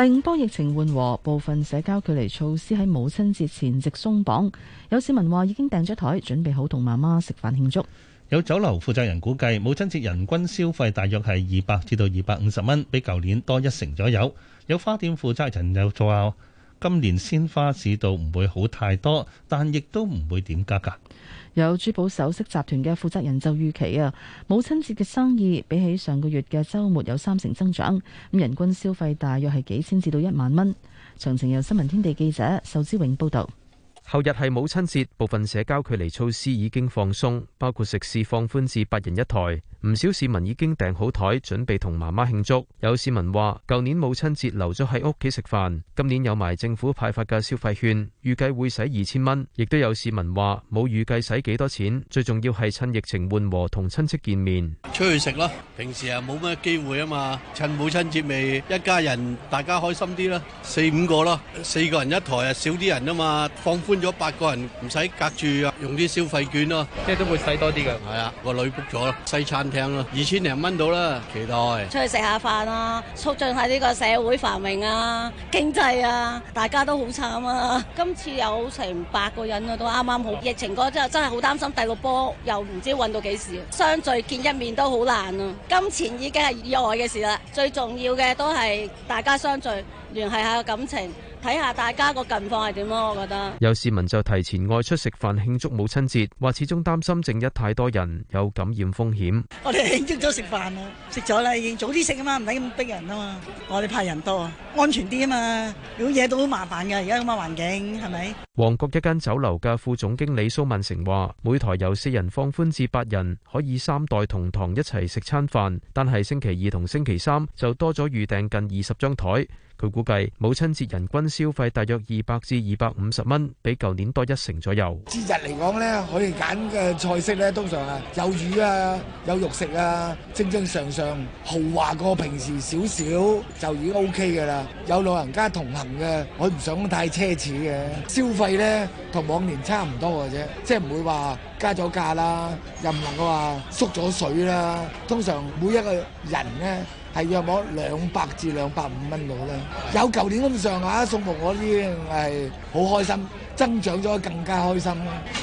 第五波疫情緩和，部分社交距離措施喺母親節前夕鬆綁。有市民話已經訂咗台，準備好同媽媽食飯慶祝。有酒樓負責人估計，母親節人均消費大約係二百至到二百五十蚊，比舊年多一成左右。有花店負責人又話，今年鮮花市道唔會好太多，但亦都唔會點加價。有珠寶首飾集團嘅負責人就預期啊，母親節嘅生意比起上個月嘅周末有三成增長，咁人均消費大約係幾千至到一萬蚊。詳情由新聞天地記者壽之永報道。後日係母親節，部分社交距離措施已經放鬆，包括食肆放寬至八人一台。唔少市民已經訂好台，準備同媽媽慶祝。有市民話，舊年母親節留咗喺屋企食飯，今年有埋政府派發嘅消費券，預計會使二千蚊。亦都有市民話，冇預計使幾多錢，最重要係趁疫情緩和同親戚見面，出去食咯。平時啊冇咩機會啊嘛，趁母親節未，一家人大家開心啲啦，四五個咯，四個人一台啊，少啲人啊嘛，放寬。咗八個人唔使隔住，用啲消費券咯，即係都會使多啲嘅。係啊，個女 book 咗西餐廳咯，二千零蚊到啦。期待出去食下飯啊，促進下呢個社會繁榮啊、經濟啊，大家都好慘啊。今次有成八個人啊，都啱啱好。疫情之後真係好擔心第六波又唔知運到幾時，相聚見一面都好難啊。金錢已經係以外嘅事啦，最重要嘅都係大家相聚聯繫下感情。睇下大家個近況係點咯，我覺得。有市民就提前外出食飯慶祝母親節，話始終擔心正一太多人有感染風險。我哋慶祝咗食飯啦，食咗啦，已經早啲食啊嘛，唔使咁逼人啊嘛。我哋怕人多，安全啲啊嘛。如果惹到好麻煩㗎，而家咁嘅環境係咪？旺角一間酒樓嘅副總經理蘇文成話：每台由四人放寬至八人，可以三代同堂一齊食餐飯。但係星期二同星期三就多咗預訂近二十張台。佢估計母親節人均消費大約二百至二百五十蚊，比舊年多一成左右。節日嚟講咧，可以揀嘅菜式咧，通常係有魚啊，有肉食啊，正正常常豪華過平時少少就已經 OK 嘅啦。有老人家同行嘅，我唔想太奢侈嘅消費咧，同往年差唔多嘅啫，即係唔會話加咗價啦，又唔能夠話縮咗水啦。通常每一個人咧。係約我兩百至兩百五蚊度啦，有舊年咁上下數目我已經係好開心。增長咗更加開心，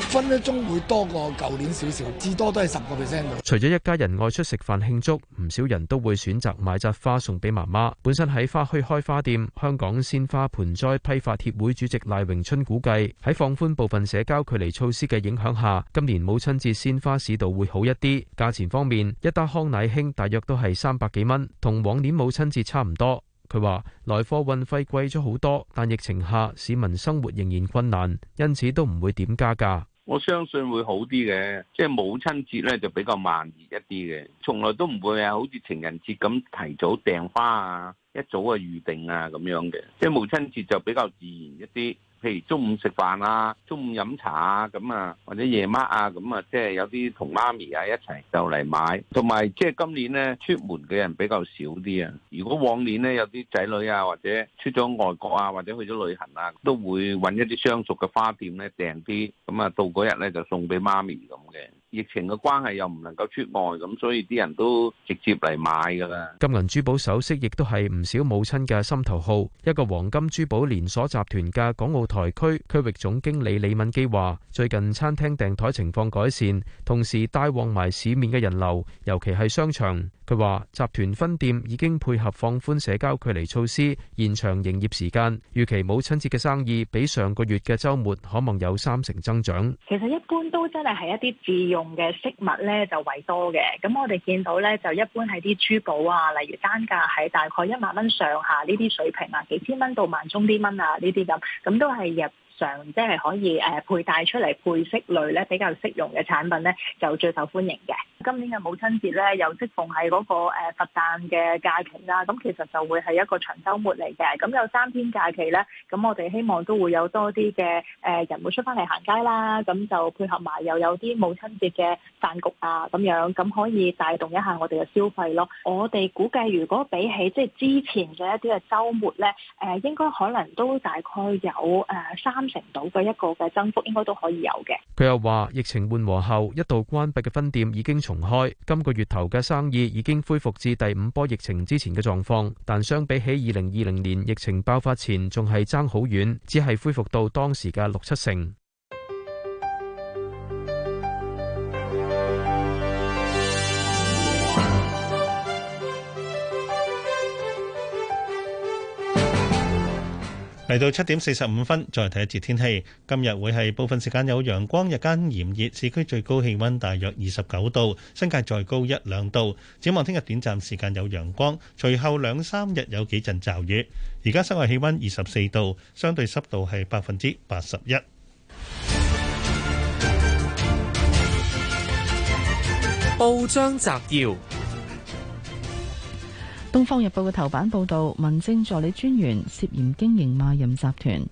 分一鐘會多過舊年少少，至多都係十個 percent 度。除咗一家人外出食飯慶祝，唔少人都會選擇買扎花送俾媽媽。本身喺花墟開花店，香港鮮花盆栽批發協會主席賴榮春估計，喺放寬部分社交距離措施嘅影響下，今年母親節鮮花市道會好一啲。價錢方面，一打康乃馨大約都係三百幾蚊，同往年母親節差唔多。佢話：來貨運費貴咗好多，但疫情下市民生活仍然困難，因此都唔會點加價。我相信會好啲嘅，即係母親節咧就比較慢熱一啲嘅，從來都唔會啊，好似情人節咁提早訂花啊，一早啊預定啊咁樣嘅，即係母親節就比較自然一啲。譬如中午食飯啊，中午飲茶啊，咁啊，或者夜晚啊，咁啊，即係有啲同媽咪啊一齊就嚟買，同埋即係今年咧出門嘅人比較少啲啊。如果往年咧有啲仔女啊，或者出咗外國啊，或者去咗旅行啊，都會揾一啲相熟嘅花店咧訂啲，咁啊到嗰日咧就送俾媽咪咁嘅。疫情嘅關係又唔能夠出外，咁所以啲人都直接嚟買㗎啦。金銀珠寶首飾亦都係唔少母親嘅心頭好。一個黃金珠寶連鎖集團嘅港澳台區區域總經理李敏基話，最近餐廳訂台情況改善，同時帶旺埋市面嘅人流，尤其係商場。佢話，集團分店已經配合放寬社交距離措施，延長營業時間，預期母親節嘅生意比上個月嘅週末可望有三成增長。其實一般都真係係一啲自用嘅飾物咧就為多嘅，咁我哋見到咧就一般係啲珠寶啊，例如單價喺大概一萬蚊上下呢啲水平啊，幾千蚊到萬中啲蚊啊呢啲咁，咁都係入。常即係可以誒佩戴出嚟配飾類咧，比較適用嘅產品咧，就最受歡迎嘅。今年嘅母親節咧，又適逢喺嗰、那個、呃、佛誕嘅假期啦，咁其實就會係一個長週末嚟嘅，咁有三天假期咧，咁我哋希望都會有多啲嘅誒人會出翻嚟行街啦，咁就配合埋又有啲母親節嘅飯局啊咁樣，咁可以帶動一下我哋嘅消費咯。我哋估計如果比起即係、就是、之前嘅一啲嘅週末咧，誒、呃、應該可能都大概有誒、呃、三到嘅一個嘅增幅，應該都可以有嘅。佢又話，疫情緩和後，一度關閉嘅分店已經重開，今個月頭嘅生意已經恢復至第五波疫情之前嘅狀況，但相比起二零二零年疫情爆發前，仲係爭好遠，只係恢復到當時嘅六七成。嚟到七點四十五分，再睇一次天氣。今日會係部分時間有陽光，日間炎熱，市區最高氣溫大約二十九度，新界再高一兩度。展望聽日短暫時間有陽光，隨後兩三日有幾陣驟雨。而家室外氣溫二十四度，相對濕度係百分之八十一。報章摘要。《東方日報》嘅頭版報道，民政助理專員涉嫌經營賣淫集團。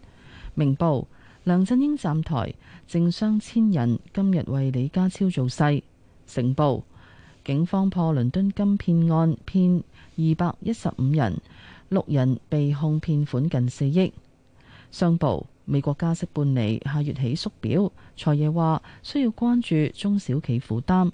明報梁振英，站台，政商千人今日為李家超造勢。成報警方，破倫敦金騙案，騙二百一十五人，六人被控騙款近四億。商報美國加息半厘，下月起縮表。財爺話需要關注中小企負擔。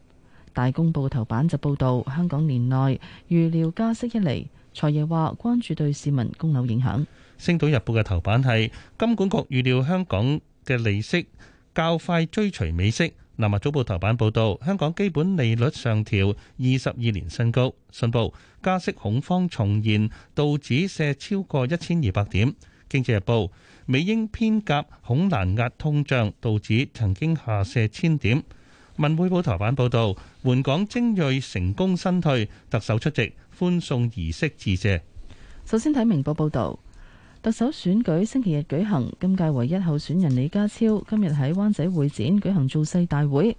大公報頭版就報道香港年內預料加息一嚟，財爺話關注對市民供樓影響。星島日報嘅頭版係金管局預料香港嘅利息較快追隨美息。南華早報頭版報道香港基本利率上調二十二年新高。信報加息恐慌重現，道指瀉超過一千二百點。經濟日報美英偏夾恐難壓通脹，道指曾經下瀉千點。文匯報頭版報道，援港精銳成功身退，特首出席歡送儀式致謝。首先睇明報報道，特首選舉星期日舉行，今屆唯一候選人李家超今日喺灣仔會展舉行造勢大會。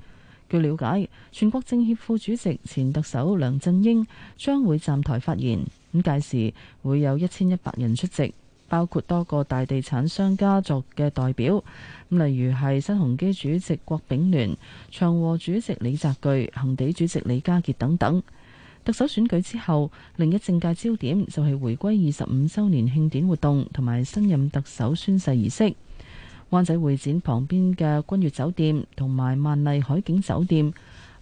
據了解，全國政協副主席前特首梁振英將會站台發言，咁屆時會有一千一百人出席。包括多個大地產商家族嘅代表，例如係新鴻基主席郭炳聯、長和主席李澤鉅、恒地主席李家傑等等。特首選舉之後，另一政界焦點就係回歸二十五週年慶典活動同埋新任特首宣誓儀式。灣仔會展旁邊嘅君悦酒店同埋萬麗海景酒店，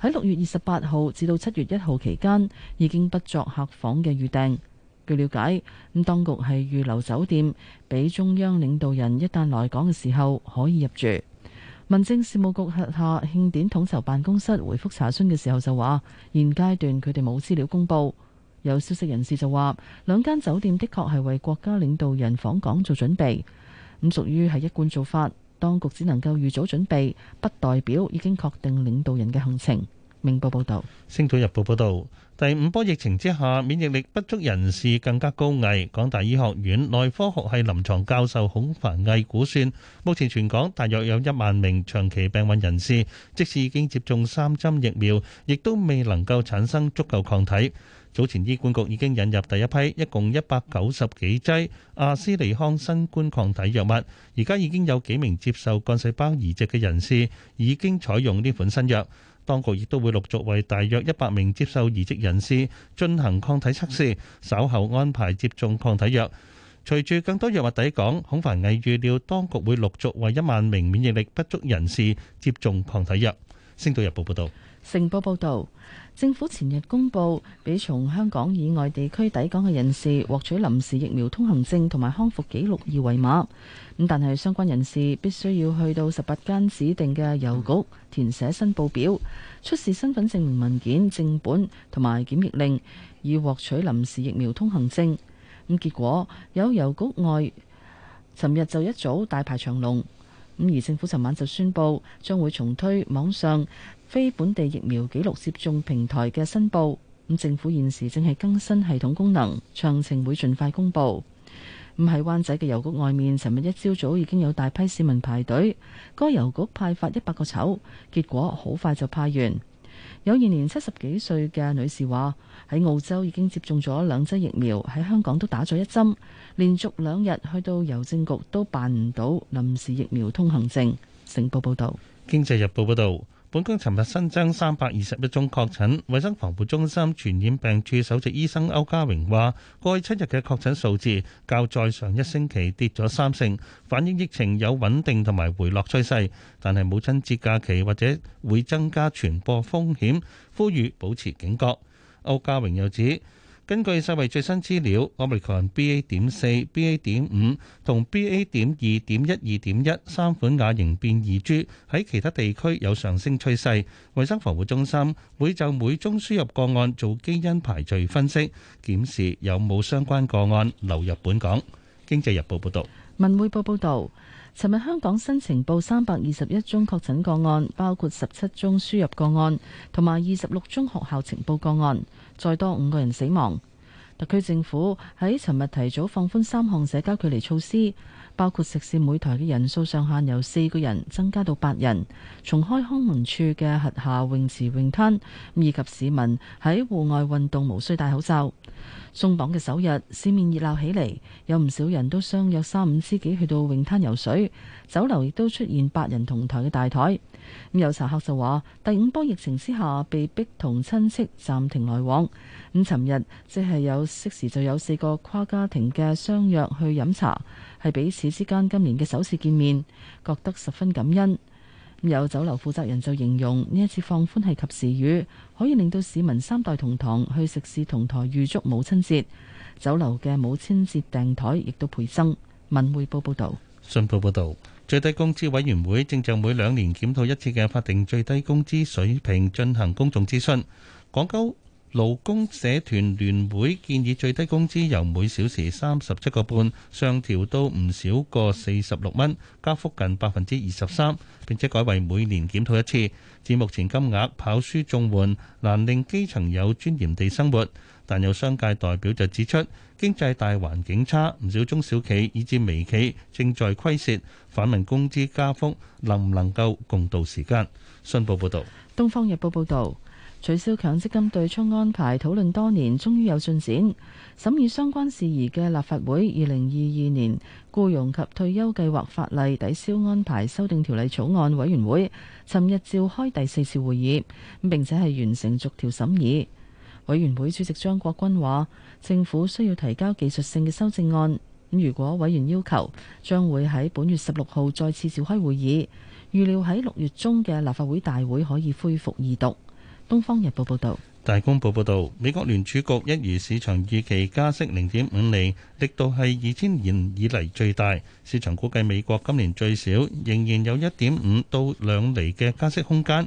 喺六月二十八號至到七月一號期間已經不作客房嘅預訂。據了解，咁當局係預留酒店俾中央領導人一旦來港嘅時候可以入住。民政事務局轄下慶典統籌辦公室回覆查詢嘅時候就話，現階段佢哋冇資料公布。有消息人士就話，兩間酒店的確係為國家領導人訪港做準備，咁屬於係一貫做法。當局只能夠預早準備，不代表已經確定領導人嘅行程。明報報道，《星島日報》報道。第五波疫情之下，免疫力不足人士更加高危。港大醫學院內科學系臨床教授孔凡毅估算，目前全港大約有一萬名長期病患人士，即使已經接種三針疫苗，亦都未能夠產生足夠抗體。早前醫管局已經引入第一批，一共一百九十幾劑阿斯利康新冠抗體藥物，而家已經有幾名接受幹細胞移植嘅人士已經採用呢款新藥。當局亦都會陸續為大約一百名接受移植人士進行抗體測試，稍後安排接種抗體藥。隨住更多藥物抵港，孔繁毅預料當局會陸續為一萬名免疫力不足人士接種抗體藥。星島日報報導，成報報導，政府前日公布俾從香港以外地區抵港嘅人士獲取臨時疫苗通行證同埋康復記錄二維碼。咁但係相關人士必須要去到十八間指定嘅郵局。填寫申報表，出示身份證明文件正本同埋檢疫令，以獲取臨時疫苗通行證。咁結果有郵局外，尋日就一早大排長龍。咁而政府尋晚就宣布將會重推網上非本地疫苗記錄接種平台嘅申報。咁政府現時正係更新系統功能，詳情會盡快公布。咁喺灣仔嘅郵局外面，尋日一朝早，早已經有大批市民排隊。該郵局派發一百個籌，結果好快就派完。有二年七十幾歲嘅女士話，喺澳洲已經接種咗兩劑疫苗，喺香港都打咗一針，連續兩日去到郵政局都辦唔到臨時疫苗通行證。成報報道，經濟日報報道。本港尋日新增三百二十一宗確診，衛生防護中心傳染病處首席醫生歐家榮話：過去七日嘅確診數字較再上一星期跌咗三成，反映疫情有穩定同埋回落趨勢。但係母親節假期或者會增加傳播風險，呼籲保持警覺。歐家榮又指，根據世衞最新資料，Omicron BA. 點四、BA. 點五同 BA. 點二點一二點一三款亞型變異株喺其他地區有上升趨勢。衞生防護中心會就每宗輸入個案做基因排序分析，檢視有冇相關個案流入本港。經濟日報報道：「文匯報報道尋日香港新情報新呈報三百二十一宗確診個案，包括十七宗輸入個案同埋二十六宗學校呈報個案。再多五個人死亡。特區政府喺尋日提早放寬三項社交距離措施，包括食肆每台嘅人數上限由四個人增加到八人，重開康文署嘅轄下泳池泳灘，以及市民喺戶外運動無需戴口罩。鬆綁嘅首日，市面熱鬧起嚟，有唔少人都相約三五知己去到泳灘游水，酒樓亦都出現八人同台嘅大台。咁有茶客就話，第五波疫情之下，被迫同親戚暫停來往。咁尋日即係有適時就有四個跨家庭嘅相約去飲茶，係彼此之間今年嘅首次見面，覺得十分感恩。咁有酒樓負責人就形容呢一次放寬係及時雨，可以令到市民三代同堂去食肆同台預祝母親節。酒樓嘅母親節訂台亦都倍增。文匯報報道。信報報道。最低工資委員會正就每兩年檢討一次嘅法定最低工資水平進行公眾諮詢。港九勞工社團聯會建議最低工資由每小時三十七個半上調到唔少過四十六蚊，加幅近百分之二十三，並且改為每年檢討一次。至目前金額跑輸綜援，難令基層有尊嚴地生活。但有商界代表就指出，經濟大環境差，唔少中小企以至微企正在虧蝕，反問工資加幅能唔能夠共度時間？信報報道。東方日報報道，取消強積金對沖安排討論多年，終於有進展。審議相關事宜嘅立法會二零二二年僱傭及退休計劃法例抵消安排修訂條例草案委員會尋日召開第四次會議，並且係完成逐條審議。委員會主席張國軍話，政府需要提交技術性嘅修正案，咁如果委員要求，將會喺本月十六號再次召開會議，預料喺六月中嘅立法會大會可以恢復二讀。東方日報報道，大公報報道，美國聯儲局一如市場預期加息零點五厘，力度係二千年以嚟最大，市場估計美國今年最少仍然有一點五到兩厘嘅加息空間。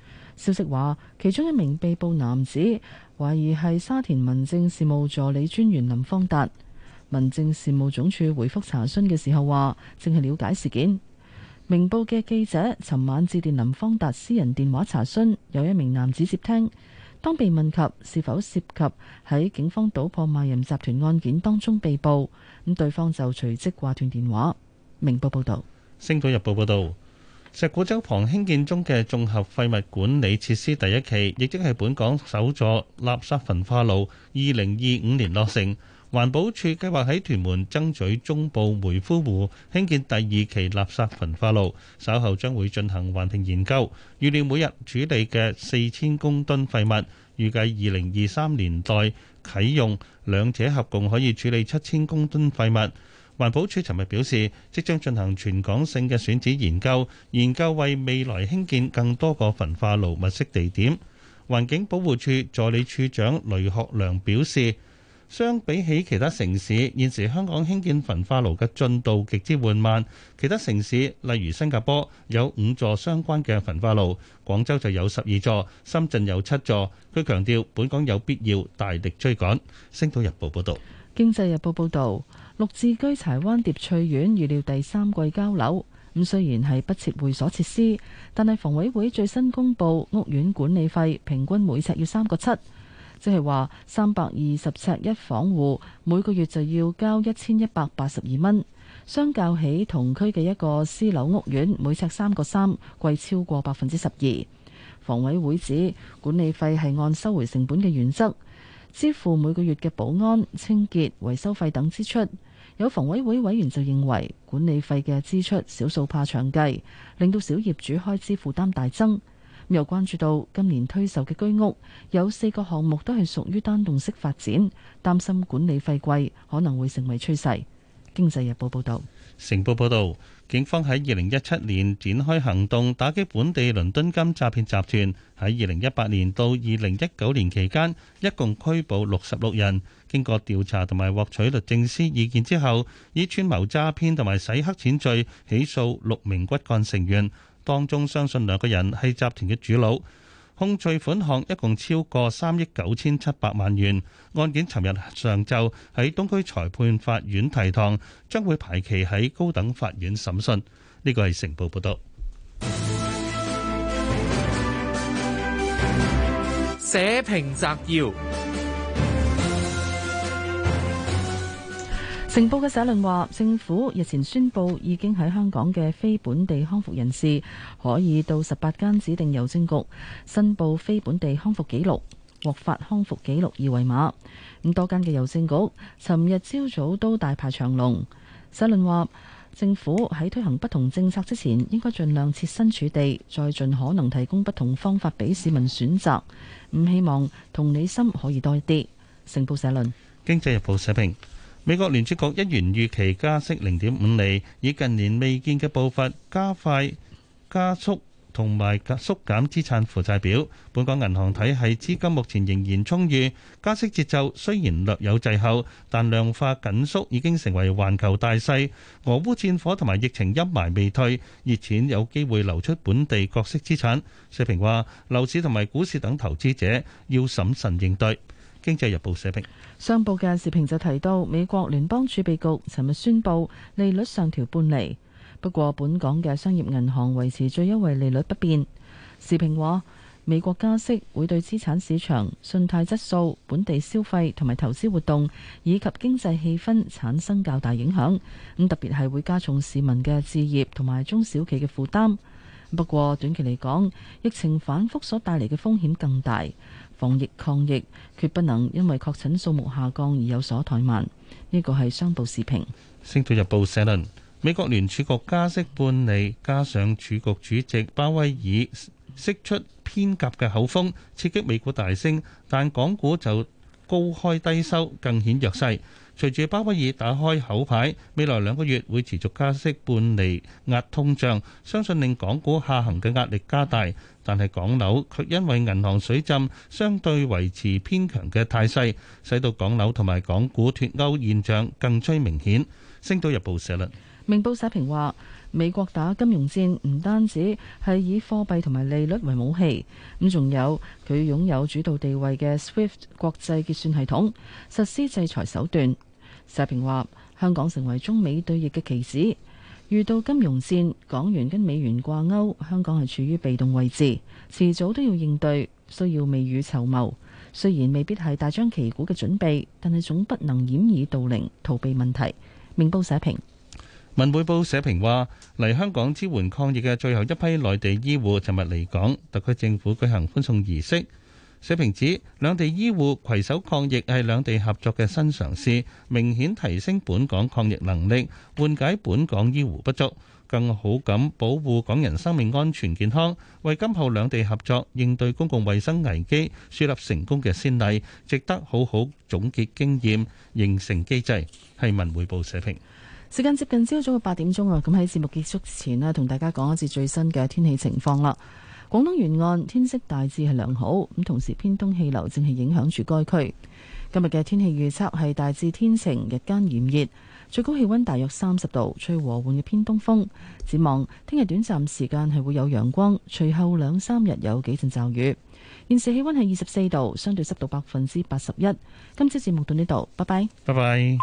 消息話，其中一名被捕男子懷疑係沙田民政事務助理專員林方達。民政事務總署回覆查詢嘅時候話，正係了解事件。明報嘅記者尋晚致電林方達私人電話查詢，有一名男子接聽。當被問及是否涉及喺警方搗破賣淫集團案件當中被捕，咁對方就隨即掛斷電話。明報報道。星島日報報道。石鼓洲旁興建中嘅綜合廢物管理設施第一期，亦即係本港首座垃圾焚化爐2025年落成。環保署計劃喺屯門爭取中部梅夫湖興建第二期垃圾焚化爐，稍後將會進行環境研究，預料每日處理嘅4000公噸廢物，預計2023年代啟用兩者合共可以處理7000公噸廢物。環保署尋日表示，即將進行全港性嘅選址研究，研究為未來興建更多個焚化爐物色地點。環境保護署助理處長雷學良表示，相比起其他城市，現時香港興建焚化爐嘅進度極之緩慢。其他城市例如新加坡有五座相關嘅焚化爐，廣州就有十二座，深圳有七座。佢強調，本港有必要大力追趕。星島日報報道。經濟日報報道。綠置居柴灣蝶翠苑預料第三季交樓，咁雖然係不設會所設施，但係房委會最新公布屋苑管理費平均每尺要三個七，即係話三百二十尺一房戶每個月就要交一千一百八十二蚊。相較起同區嘅一個私樓屋苑，每尺三個三，貴超過百分之十二。房委會指管理費係按收回成本嘅原則支付，每個月嘅保安、清潔、維修費等支出。有房委會委員就認為，管理費嘅支出少數怕長計，令到小業主開支負擔大增。又關注到今年推售嘅居屋有四個項目都係屬於單棟式發展，擔心管理費貴可能會成為趨勢。經濟日報報道，成報報道，警方喺二零一七年展開行動，打擊本地倫敦金詐騙集團。喺二零一八年到二零一九年期間，一共拘捕六十六人。經過調查同埋獲取律政司意見之後，以串謀詐騙同埋洗黑錢罪起訴六名骨幹成員，當中相信兩個人係集團嘅主腦，控罪款項一共超過三億九千七百萬元。案件尋日上晝喺東區裁判法院提堂，將會排期喺高等法院審訊。呢個係成報報道。社評摘要。成報嘅社論話，政府日前宣布已經喺香港嘅非本地康復人士可以到十八間指定郵政局申報非本地康復記錄，獲發康復記錄二維碼。咁多間嘅郵政局尋日朝早都大排長龍。社論話，政府喺推行不同政策之前，應該盡量設身處地，再盡可能提供不同方法俾市民選擇。唔希望同理心可以多一啲。成報社論，《經濟日報》社評。美國聯儲局一元預期加息0.5厘，以近年未見嘅步伐加快、加速同埋縮減資產負債表。本港銀行體系資金目前仍然充裕，加息節奏雖然略有滯後，但量化緊縮已經成為環球大勢。俄烏戰火同埋疫情陰霾未退，熱錢有機會流出本地各式資產。社評話：樓市同埋股市等投資者要審慎應對。《經濟日報》社評，上報嘅視頻就提到，美國聯邦儲備局尋日宣布利率上調半厘，不過本港嘅商業銀行維持最優惠利率不變。視頻話，美國加息會對資產市場、信貸質素、本地消費同埋投資活動以及經濟氣氛產生較大影響，咁特別係會加重市民嘅置業同埋中小企嘅負擔。不過短期嚟講，疫情反覆所帶嚟嘅風險更大。防疫抗疫，決不能因為確診數目下降而有所怠慢。呢個係商報視頻。星島日報社論：美國聯儲局加息半釐，加上儲局主席鮑威爾釋出偏鴿嘅口風，刺激美股大升，但港股就高開低收，更顯弱勢。隨住鮑威爾打開口牌，未來兩個月會持續加息半厘，壓通脹，相信令港股下行嘅壓力加大。但係港樓卻因為銀行水浸，相對維持偏強嘅態勢，使到港樓同埋港股脫歐現象更趨明顯。星島日報社論。明報社評話：美國打金融戰唔單止係以貨幣同埋利率為武器，咁仲有佢擁有主導地位嘅 SWIFT 國際結算系統，實施制裁手段。社評話：香港成為中美對弈嘅棋子，遇到金融戰，港元跟美元掛鈎，香港係處於被動位置，遲早都要應對，需要未雨綢繆。雖然未必係大張旗鼓嘅準備，但係總不能掩耳盜鈴，逃避問題。明報社評，文匯報社評話：嚟香港支援抗疫嘅最後一批內地醫護，尋日離港，特區政府舉行歡送儀式。社評指兩地醫護攜手抗疫係兩地合作嘅新嘗試，明顯提升本港抗疫能力，緩解本港醫護不足，更好咁保護港人生命安全健康，為今後兩地合作應對公共衛生危機樹立成功嘅先例，值得好好總結經驗，形成機制。係文匯報社評。時間接近朝早嘅八點鐘啊，咁喺節目結束前呢，同大家講一次最新嘅天氣情況啦。廣東沿岸天色大致係良好，咁同時偏東氣流正係影響住該區。今日嘅天氣預測係大致天晴，日間炎熱，最高氣溫大約三十度，吹和緩嘅偏東風。展望聽日短暫時間係會有陽光，隨後兩三日有幾陣驟雨。現時氣溫係二十四度，相對濕度百分之八十一。今朝節目到呢度，拜拜。拜拜。